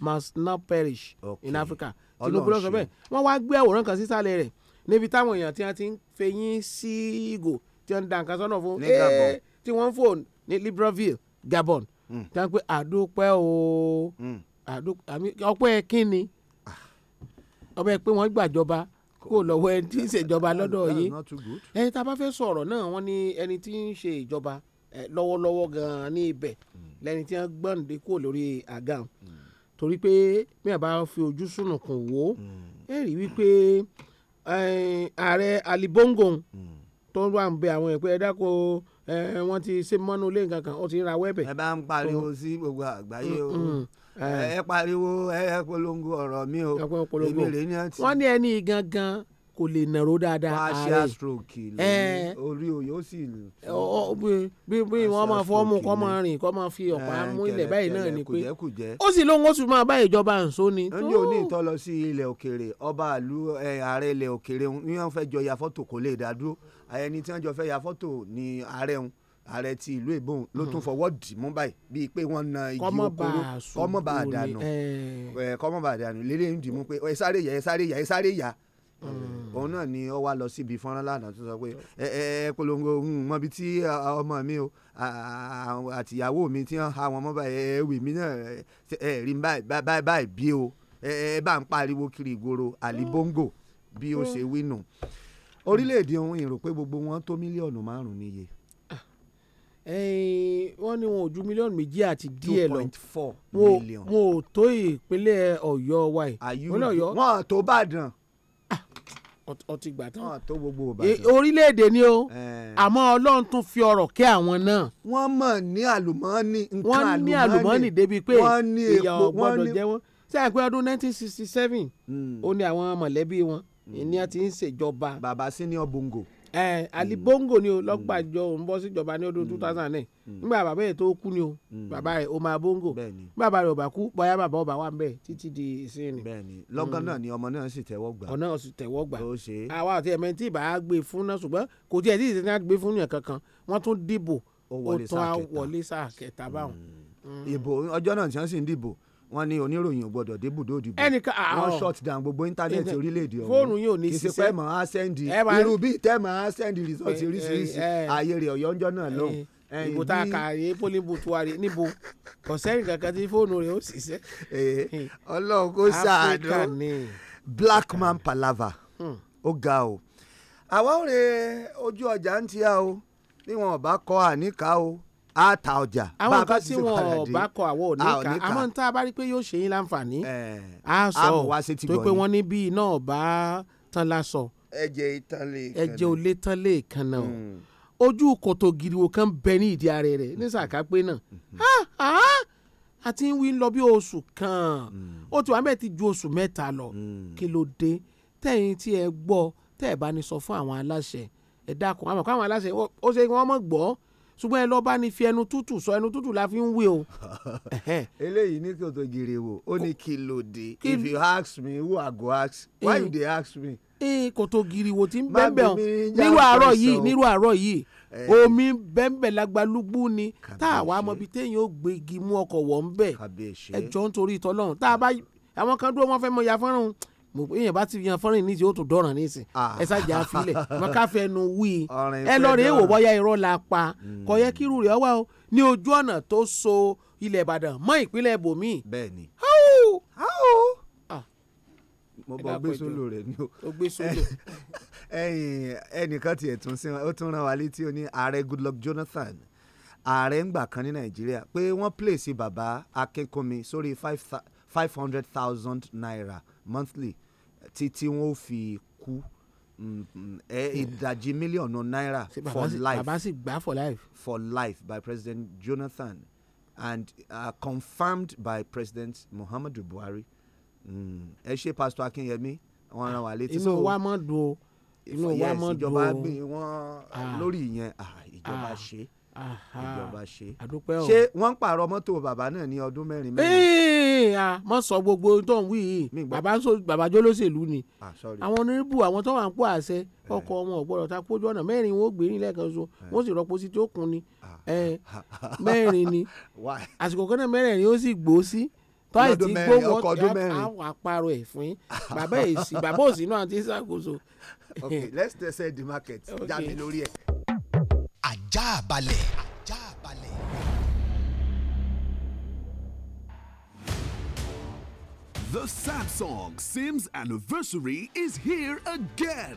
must not perish okay. in Africa Tinubu ló sọ bẹ́ẹ̀ wọ́n wá gbé àwòrán kan sísàlẹ̀ rẹ̀ níbi táwọn èèyàn tí wọ́n ti ń fẹyín sí ìgò tí wọ́n ń da nǹkan sọ́nà fún ẹ́ẹ́ eh, tí wọ́n ń fò ní Libreville Gabon hmm. tí wọ́n pe àdúpẹ́ o hmm. ọpẹ́ kínni ah. ọpẹ́ pé wọ́n gbàjọba kó lọ́wọ́ ẹni tí ń ṣèjọba lọ́dọ̀ yìí ẹni tá a bá fẹ́ sọ̀rọ̀ náà wọ́n ní ẹni tí ń ṣe ìjọba eh, lọ́wọ́lọ́wọ́ gan-an ní ibẹ̀ hmm. lẹ́ni tí wọ́n gbọ́ǹde kó lórí àgàn torí pé bí a bá fi ojú sùnùkùn wò ó hmm. ẹ rí wípé ààrẹ Ali Bongo hmm. tó wà ń bẹ àwọn ẹ̀pẹ́ ẹ̀dáko wọ́n ti ṣe mọ́nú ilé nǹkan kan ó ti ra wẹ́bẹ̀. ẹ bá ń pariwo sí gbogbo àgbáyé o mm, mm, ẹ pariwo ẹ polongo ọ̀rọ̀ mi o èmi rè ní ọtí. wọ́n ní ẹni gangan kò lè nàró dáadáa ààrẹ partial stroke lórí orí òye ó sì. bí bí wọ́n máa fọ́ mu kọ́ máa rìn kọ́ máa fi ọ̀pá mú ilẹ̀ báyìí náà ni pé ó sì lóun ó sì máa bá ìjọba ǹso ni. ó ní òní ìtọ́ lọ sí ilẹ̀ òkèèrè ọba ìlú ààrẹ ilẹ̀ òkèèrè ní wọ́n fẹ́ jọ ya fọ́tò kò lè dá dúró ẹni tí wọ́n jọ fẹ́ ya fọ́tò ni ààrẹ òun ààrẹ ti ìlú ìbòhùn ló tún hmm. fọwọ́ dì mú báyìí bíi pé wọ́n na igi okoro kọ́mọ́bà àdànù kọ́mọ́bà àdànù lélẹ́yìn dì mú pé ẹ sáré yà ẹ sáré yà ẹ sáré yà. Mm òun náà ni ó wá lọ síbi fọ́nrán lánàá tó sọ pé ẹ ẹ polongo mọbi tí ọmọ mi o àtìyàwó mi tí wọ́n ha wọn mọ́ báyìí ẹ wì mí náà ẹ rí báyìí báyìí bí o ẹ bá ń pariwo kiri ìgboro àlìbóńgò mm. bí ó mm. ṣe wí nù orílẹ̀-èdè ohun ìrò pé gbogbo wọn tó mílíọ̀nù márùn-ún níye. Ah, wọ́n ní wọn ò ju mílíọ̀nù méjì àti díẹ̀ lọ two point four million. wọn ò tó ìpínlẹ̀ ọ̀yọ́ wa yìí. àyù wọn tó bàdàn ọtí gbà tán. ọ̀ ah, tó gbogbo ìbàdàn. orílẹ̀-èdè ni o àmọ́ ọlọ́run tún fi ọ̀rọ̀ kẹ́ àwọn náà. wọ́n mọ̀ ní àlùmọ́ọ́nì wọ́n ní àlùmọ́ọ́nì débi pé ìyà ọ̀gbọ́dọ̀ jẹ́ ṣé àgbẹ̀ ọdún 1967 hmm. ó ní àwọn mọ̀lẹ́bí wọn ìní àti ń ṣèjọba. bàbá senior bongo. Eh, Ali mm. Bongo ni o lọ́gbàjọ mm. òun bọ́ síjọba ní ọdún mm. two thousand nine nígbà bàbá yẹn tó kú ni o bàbá yẹn Omar Bongo bàbá rẹ̀ ọba kú bóyá bàbá ọba wà ń bẹ̀ títí di ìsinyìí. bẹ́ẹ̀ni lọ́gán náà ni ọmọ náà sì tẹ́wọ́ gbà. ọ̀nà sì tẹ́wọ́ gbà àwa àti ẹ̀mẹ́ tí ìbá gbé fún náà ṣùgbọ́n kò tí ẹ̀ tí ìsìn náà gbé fún yàn kankan wọ́n tún dìbò ó tún wọlé sáà kẹta báwọn. ìbò ọjọ́ náà tí wọ́n sì ń wọ́n ní oníròyìn ò gbọ́dọ̀ dé bùdó òdìbò ẹnìkan wọ́n down gbogbo íńtánẹ́ẹ̀tì orílẹ̀-èdè fóònù yóò ní sísẹ́ kì í á sẹ́ndì irú bíi tẹ́ mọ̀ á sẹ́ndì result oríṣiríṣi ààyè rẹ̀ ọ̀yọ́njọ́ náà lóhùn ìbò tá a kà yé pólí butuari níbo kọ̀sẹ́rì kankan tí fóònù rẹ̀ ó ṣiṣẹ́. ọlọ́run kò ṣàánú black man palava hmm. ó ga o àwa ò rè ojú ọjà ń tíya o bí wọn ò bá kọ àníkà o a ta ọjà. àwọn nǹkan tí wọn bá kọ àwọn òníkà àmọ́ ní tá a bá rí pé yóò ṣe yín láǹfààní. a sọ tó pé wọ́n ní bí iná ọ̀bá tán lásọ. ẹ̀jẹ̀ ìtàn lè kànnà. ẹ̀jẹ̀ olè tán lè kànnà o hmm. ojú kòtò giriwo kan bẹ ní ìdí ara rẹ ní sàkápé náà àti hmm. wí lọ bí oṣù kan hmm. ó ti wà mẹ́ẹ̀ ti ju oṣù mẹ́ta lọ kí ló dé tẹ̀yìn tí ẹ gbọ́ tẹ̀ bá ní sọ fún àwọn aláṣẹ ẹ dákun àmọ́ káwọn aláṣẹ ó ṣe wọ́n mọ̀ gbọ́ ṣùgbọ́n ẹ lọ́ọ́ bá ní fi ẹnu tútù sọ ẹnu tútù la fi ń wé o. eléyìí ní kò tó gèrè ó ní kí ló dé if you ask me who i go ask why you eh. dey ask me. Eh kò tó gèrè wò tí ń bẹ́ẹ̀ bẹ́ẹ̀ nírú àárọ̀ yìí nírú àárọ̀ yìí omi bẹ́ẹ̀ lágbálúgbú ni tá a wàá mọ ibi téèyàn ó gbé igi mú ọkọ̀ wọ̀ ń bẹ̀ ẹjọ́ nítorí ìtọ́lọ́run tá a bá àwọn kan dúró wọn fẹ́ mọ ìyá fọ́nrán mo pé èèyàn bá ti yan fọ́nrán ní ìsìn ó tún dọ̀ràn ní ìsìn ah. ẹ ṣáàjà àfilẹ̀ wọn ká fẹ́ nu wí ẹ lọ rèé wò bọ́yá irọ́ la pa hmm. kò yẹ kí irú rẹ̀ wá o ní ojú ọ̀nà tó so ilẹ̀ ìbàdàn mọ́ ìpínlẹ̀ ibòmí. bẹ́ẹ̀ni. Ah. mo bọ gbé sólò rẹ ni o gbé sólò ẹnìkan tiẹ̀ tún sí ó tún rán wa létí ó ní ààrẹ Goodluck Jonathan ààrẹ ń gbà kan ní nàìjíríà pé wọ́n pèsè bàbá akínkúnmi sórí five hundred thousand naira monthly títí wọn ò fi kú ìdajì mílíọ̀nù náírà for life bàbá sì gbà for life. for life by President Jonathan and uh, confirmed by President Muhammadu Buhari ẹ ṣe Pastor Akinyemi wọn rán wa létí. inú wa mọ̀ dùn o inú wa mọ̀ dùn o ìjọba gbìn wọn ah. lórí ìyẹn ah, ìjọba ah. ṣe ìjọba ṣe ṣé wọ́n ń pààrọ̀ mọ́tò bàbá náà ní ọdún mẹ́rin mẹ́rin. a mọ sọ gbogbo tó ń wí yìí bàbá jólóṣèlú ni ah, àwọn onírìbù àwọn tó wà ń pò àṣẹ eh. ọkọ̀ wọn ọ̀gbọ́dọ̀ ta kójú ọ̀nà mẹ́rin wọn ò gbé nílẹ̀ kan so eh. wọ́n sì rọ́pò sí tí ó ni ah. eh, mẹ́rin ni àsìkò kan náà mẹ́rin ó sì gbó sí tọ́yì tí gbówó àwọn àparò ẹ̀ fún bàbá òsì náà ti ṣàkóso. okay let's test the market jáde lórí ẹ̀. ajá balẹ̀. The Samsung Sims anniversary is here again.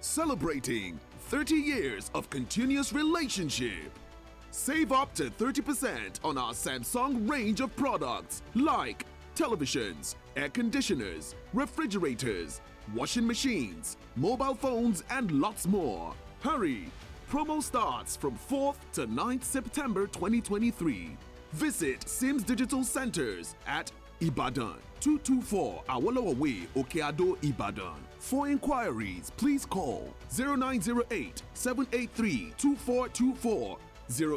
Celebrating 30 years of continuous relationship. Save up to 30% on our Samsung range of products like televisions, air conditioners, refrigerators, washing machines, mobile phones, and lots more. Hurry! promo starts from 4th to 9th September 2023. Visit Sims Digital Centers at Ibadan, 224 Awolowo Way, Okeado, Ibadan. For inquiries, please call 0908 783 2424,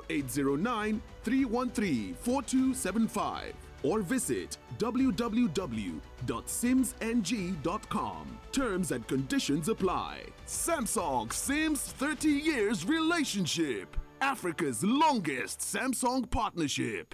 0809 313 4275, or visit www.simsng.com. Terms and conditions apply. Samsung Sims 30 Years Relationship, Africa's longest Samsung partnership.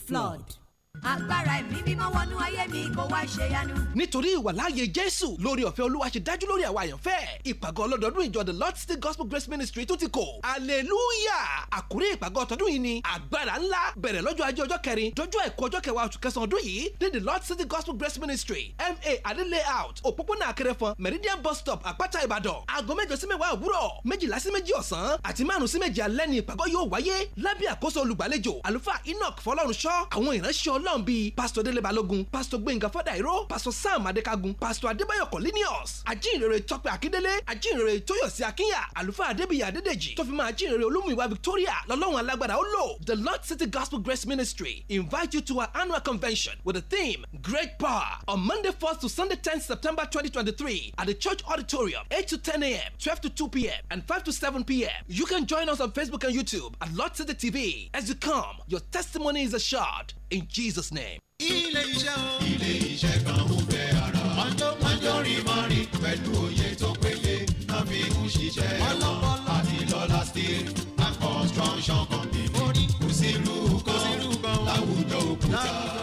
flood. agbára ẹ̀mí mímọ́ wọnú ayé mi kó wá ṣe yanu. nítorí ìwàláàyè jésù lórí ọ̀fẹ́ olúwa ṣe dájú lórí àwa àyànfẹ́ ìpàgọ́ ọlọ́dọọdún ìjọ the lord city gospel grace ministry tún ti kò hallelujah àkórí ìpàgọ́ ọtọ́dún yìí ni agbára ńlá bẹ̀rẹ̀ lọ́jọ́ ajé ọjọ́ kẹrin dọ́jọ́ àìkú ọjọ́ kẹwàá oṣù kẹsàn-án ọdún yìí ní the lord city gospel grace ministry ma adé layout òpópónà akẹrẹfọn meridian bus stop àpáta ìbàdàn aago mẹ́jọ sí mẹ́wàá òwúrọ̀ méjìlá sí méjì ọ̀sán àti márùn sí méjì alẹ́ ni ìpàgọ́ yóò wáyé lábẹ́ àkóso olùgbàlejò àlùfáà enoch fọlọ́runṣọ́ àwọn ìránṣẹ́ ọl ọlọ́run bíi pásítọ̀ délé balógun pásítọ̀ gbẹ̀ngà fọ́dàìró pásítọ̀ sam adékagun pásítọ̀ adébáyọ̀ kọ́líníọ̀s ajínrere tọ́pẹ́ akíndélé ajínrere tóyọ̀sí akínyà àlùfáà adébíyì adédèjì tó ajínrere olúmúyìwá victoria lọ́lọ́run alágbára ó lò the lord city gospel grace ministry invite you to our annual convention with the theme great power on monday first to sunday tenth september 2023 at the church auditorium 8 to 10 a.m 12 to 2 p.m and 5 to 7 p.m you can join us on facebook and youtube at lord city tv as you come your testimony is assured in jesus. Jesus' name. ilé iṣẹ́ o. ilé iṣẹ́ kan ń bẹ ara. wọ́n tó pẹ̀lú òye tó péye náà ṣiṣẹ́ wọn àti lọ́la kò sí irú kan láwùjọ òkúta.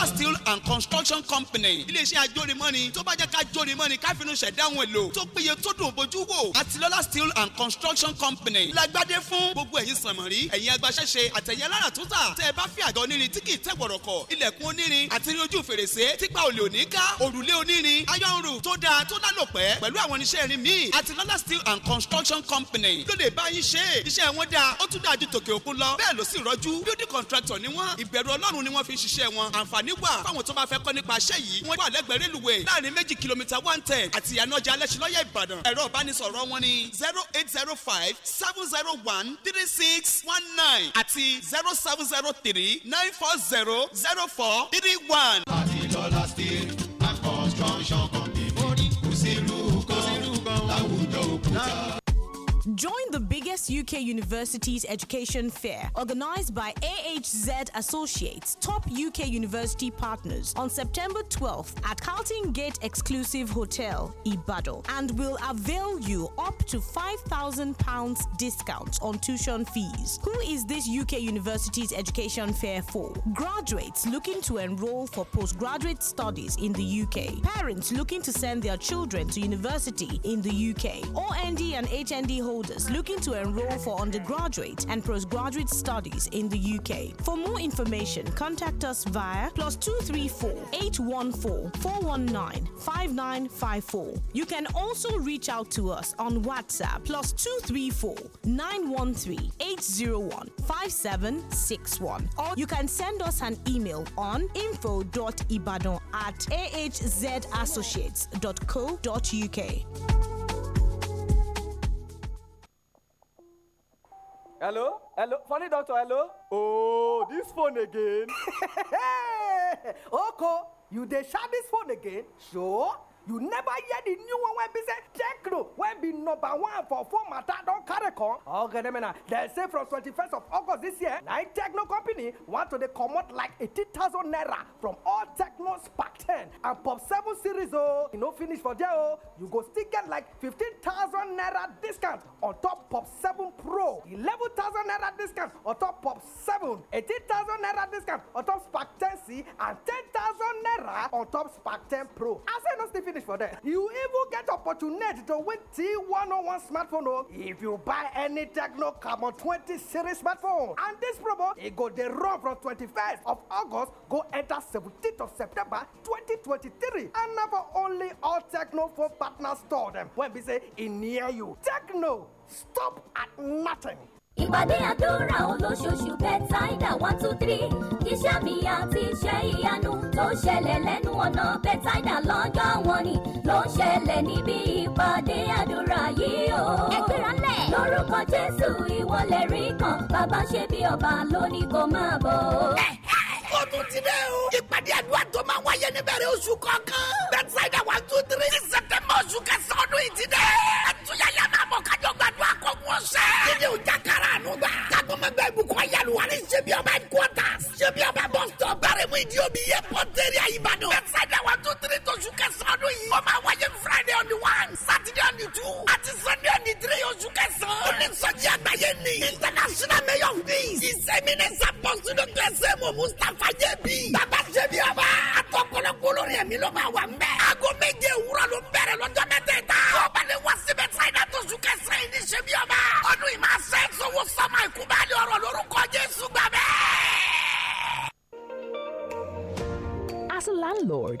Anchor Steel and Construction Company. Iléeṣẹ́ ajórimọ́ni tó bá jẹ́ ká jórimọ́ni ká finú ṣẹ̀dá ohun èlò tó péye tó dùn bójú wò. Àtilọ́lá Steel and Construction Company. Lágbádé fún gbogbo ẹ̀yin sànmọ́rí, ẹ̀yin agbaṣẹ́ṣe àtẹ̀yẹ lára tó tà. Tẹ́ ẹ bá fi àga onírin tí kì í tẹ̀ wọ̀rọ̀kọ̀, ilẹ̀kùn onírin àti ní ojú fèrèsé típa òlè òní ká, òrùlé onírin, ayọ̀nrù tó dáa tó lálòpẹ́ pẹ̀lú àwọn iṣẹ́ irin míì. Àtilọ́lá Steel and Construction Company ló lè bá yín ṣe é. Iṣẹ́ wọn dáa, ó tún dáa ju tòkè òkun lọ. Bẹ́ẹ̀ ló sì rọ́jú. Building contractor ni wọ́n. Ìbẹ̀rù Ọlọ́run ni àǹfààní wà fáwọn tó bá fẹ́ kọ́ nípa iṣẹ́ yìí wọ́n wà lẹ́gbẹ̀ẹ́ rélùwẹ̀ láàrin méjì kìlómítà one ten àti ìyànàjà alẹ́sìlọ́yẹ̀ ìbàdàn ẹ̀rọ ìbánisọ̀rọ̀ wọn ni zero eight zero five seven zero one three six one nine àti zero seven zero three nine four zero zero four three one. àti steel and construction company kò sí irú kan láwùjọ òkúta. Join the biggest UK universities education fair organized by AHZ Associates, top UK university partners, on September 12th at Carlton Gate Exclusive Hotel, Ibado, and will avail you up to £5,000 discount on tuition fees. Who is this UK universities education fair for? Graduates looking to enroll for postgraduate studies in the UK, parents looking to send their children to university in the UK, OND and HND holders looking to enroll for undergraduate and postgraduate studies in the UK. For more information, contact us via plus 234 814 419 5954. You can also reach out to us on WhatsApp plus 234 913 801 5761. Or you can send us an email on info.ibadan at ahzassociates.co.uk. Hello? Hello? Funny doctor, hello? Oh, this phone again. Oko, you dey share this phone again? Sure you never hear the new one when be say tekno when be number one for phone matter don carry come. ogenimina dey say from twenty-first of august this year na techno company want to dey comot like eighty thousand naira from all tekno spark ten and pop seven series o oh, e no finish for there o oh, you go still get like fifteen thousand naira discount on top pop seven pro eleven thousand naira discount on top pop seven eighteen thousand naira discount on top spark ten c and ten thousand naira on top spark ten pro as e no still finish. English for that. You even get opportunity to win T101 smartphone oh, if you buy any Techno Carbon 20 series smartphone. And this promo, it e go the run from 21st of August, go enter 17th of September 2023. And never only all Techno phone partners store them when we say in e near you. Techno, stop at nothing ìpàdé àdúrà olóṣooṣù bẹ́tàìdà one two three iṣẹ́ mi àti iṣẹ́ ìyanu tó ṣẹlẹ̀ lẹ́nu ọ̀nà bẹ́tàìdà lọ́jọ́ wọn ni ló ń ṣẹlẹ̀ níbi ìpàdé àdúrà yìí o. ẹgbẹ́ra lẹ̀. lórúkọ jésù ìwọlẹ̀ rí kan bàbá ṣe bí ọba lónìí kò máa bọ̀. ẹ tún ti dẹ́ o. ìpàdé àdúrà tó máa wáyé níbẹ̀rẹ̀ oṣù kọ̀ọ̀kan. bẹ́tàìdà one two three. ní sẹ́tẹ̀mbà oṣù kẹsàn-án ọdún yìí ti dẹ́. ẹ̀túnyẹ̀yẹ̀ máa bọ̀ kájọ gbàdúrà wọn kíni o jakara nu gbà. jagunmẹgbẹ ibùkún ayaluwari sebi ọba headquarters sebi ọba bus stop gbaremu idiobi yẹ pọtẹri ayibadun. ẹsẹ̀dá wa tó tiri tóṣù kẹsàn-án ọdún yìí. ó máa friday on the one saturday on the two àti sunday on the three oṣù kẹsàn-án. ó ní sọjí àgbáyé ni. international mayor of peace. ìsèmínẹ́sà pọ̀sùnù kẹsẹ̀ mọ̀ mustapha jẹ̀bi. bàbá sebi ọba. atọ́kọlọ́kọlọ́ rẹ̀ mi ló máa wà ń bẹ̀. aago méje wúrọ̀ ló ń bẹ̀rẹ̀ lọ́jọ́ mẹ́tẹ̀ẹ̀ta. ọba ni wá síbẹ̀ sáyidá tóṣù kẹsàn-án yìí ní sebi ọba. ọdún sọ́mà ìkúbálẹ̀ ọ̀rọ̀ lórúkọ Jésù gbàgbẹ́. As a landlord,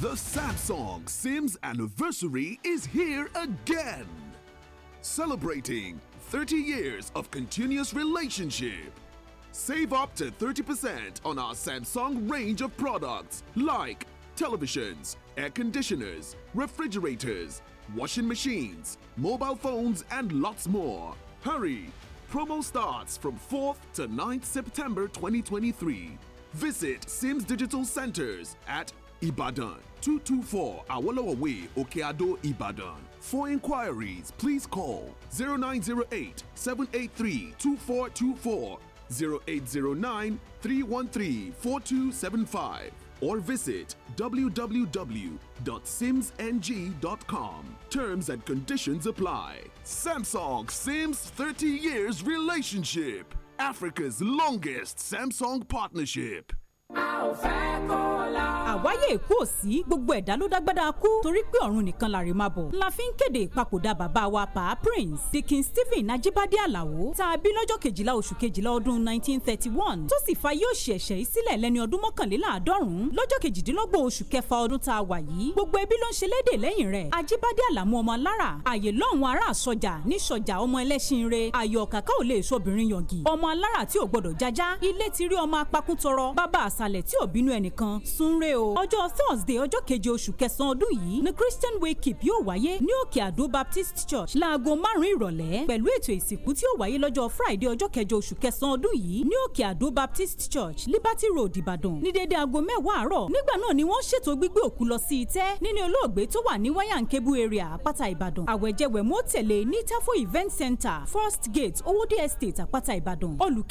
The Samsung Sims anniversary is here again. Celebrating 30 years of continuous relationship. Save up to 30% on our Samsung range of products like televisions, air conditioners, refrigerators, washing machines, mobile phones, and lots more. Hurry! Promo starts from 4th to 9th September 2023. Visit Sims Digital Centers at Ibadan, 224 Awolowo Way, Okeado, Ibadan. For inquiries, please call 0908 783 2424, 0809 313 4275, or visit www.simsng.com. Terms and conditions apply. Samsung Sims 30 Years Relationship, Africa's longest Samsung partnership. a ò fẹ́ kó lọ. àwáyé ikú ò sí gbogbo ẹ̀dá ló dágbádá kú torí pé ọ̀run nìkan la rè máa bọ̀. la fi ń kéde ìpapòdà bàbá wa pa prince dikin stephen ajibade alao tá a bí lọ́jọ́ kejìlá oṣù kejìlá ọdún nineteen thirty one tó sì fa yóò ṣe ẹ̀ṣẹ̀ yìí sílẹ̀ lẹ́ni ọdún mọ́kànléláàádọ́rùn-ún lọ́jọ́ kejìdínlọ́gbọ̀n oṣù kẹfà ọdún tá a wà yìí gbogbo ẹbí ló ń ṣe léde lẹ́yìn rẹ̀ ajibade alamu ọmọ alára àyè lọ́hùn ará àṣálẹ́ tí ò bínú ẹnìkan sunre o ọjọ́ thursday ọjọ́ keje oṣù kẹsàn-án ọdún yìí ni christian wakekeep yóò wáyé ní òkè àdó baptist church láago márùn-ún ìrọ̀lẹ́ pẹ̀lú ètò ìsìnkú tí ó wáyé lọ́jọ́ friday ọjọ́ kẹjọ oṣù kẹsàn-án ọdún yìí ní òkè àdó baptist church liberty road ìbàdàn ní dédé aago mẹ́wàá àárọ̀ nígbà náà ni wọ́n ṣètò gbígbé òkú lọ sí itẹ́ nínú olóògbé tó wà ní wáyà nkebu area àpáta ìbàdàn àwẹ̀jẹwẹ̀mú ó ní tafo event center first gate owóde estate àpáta ìbàdàn olùk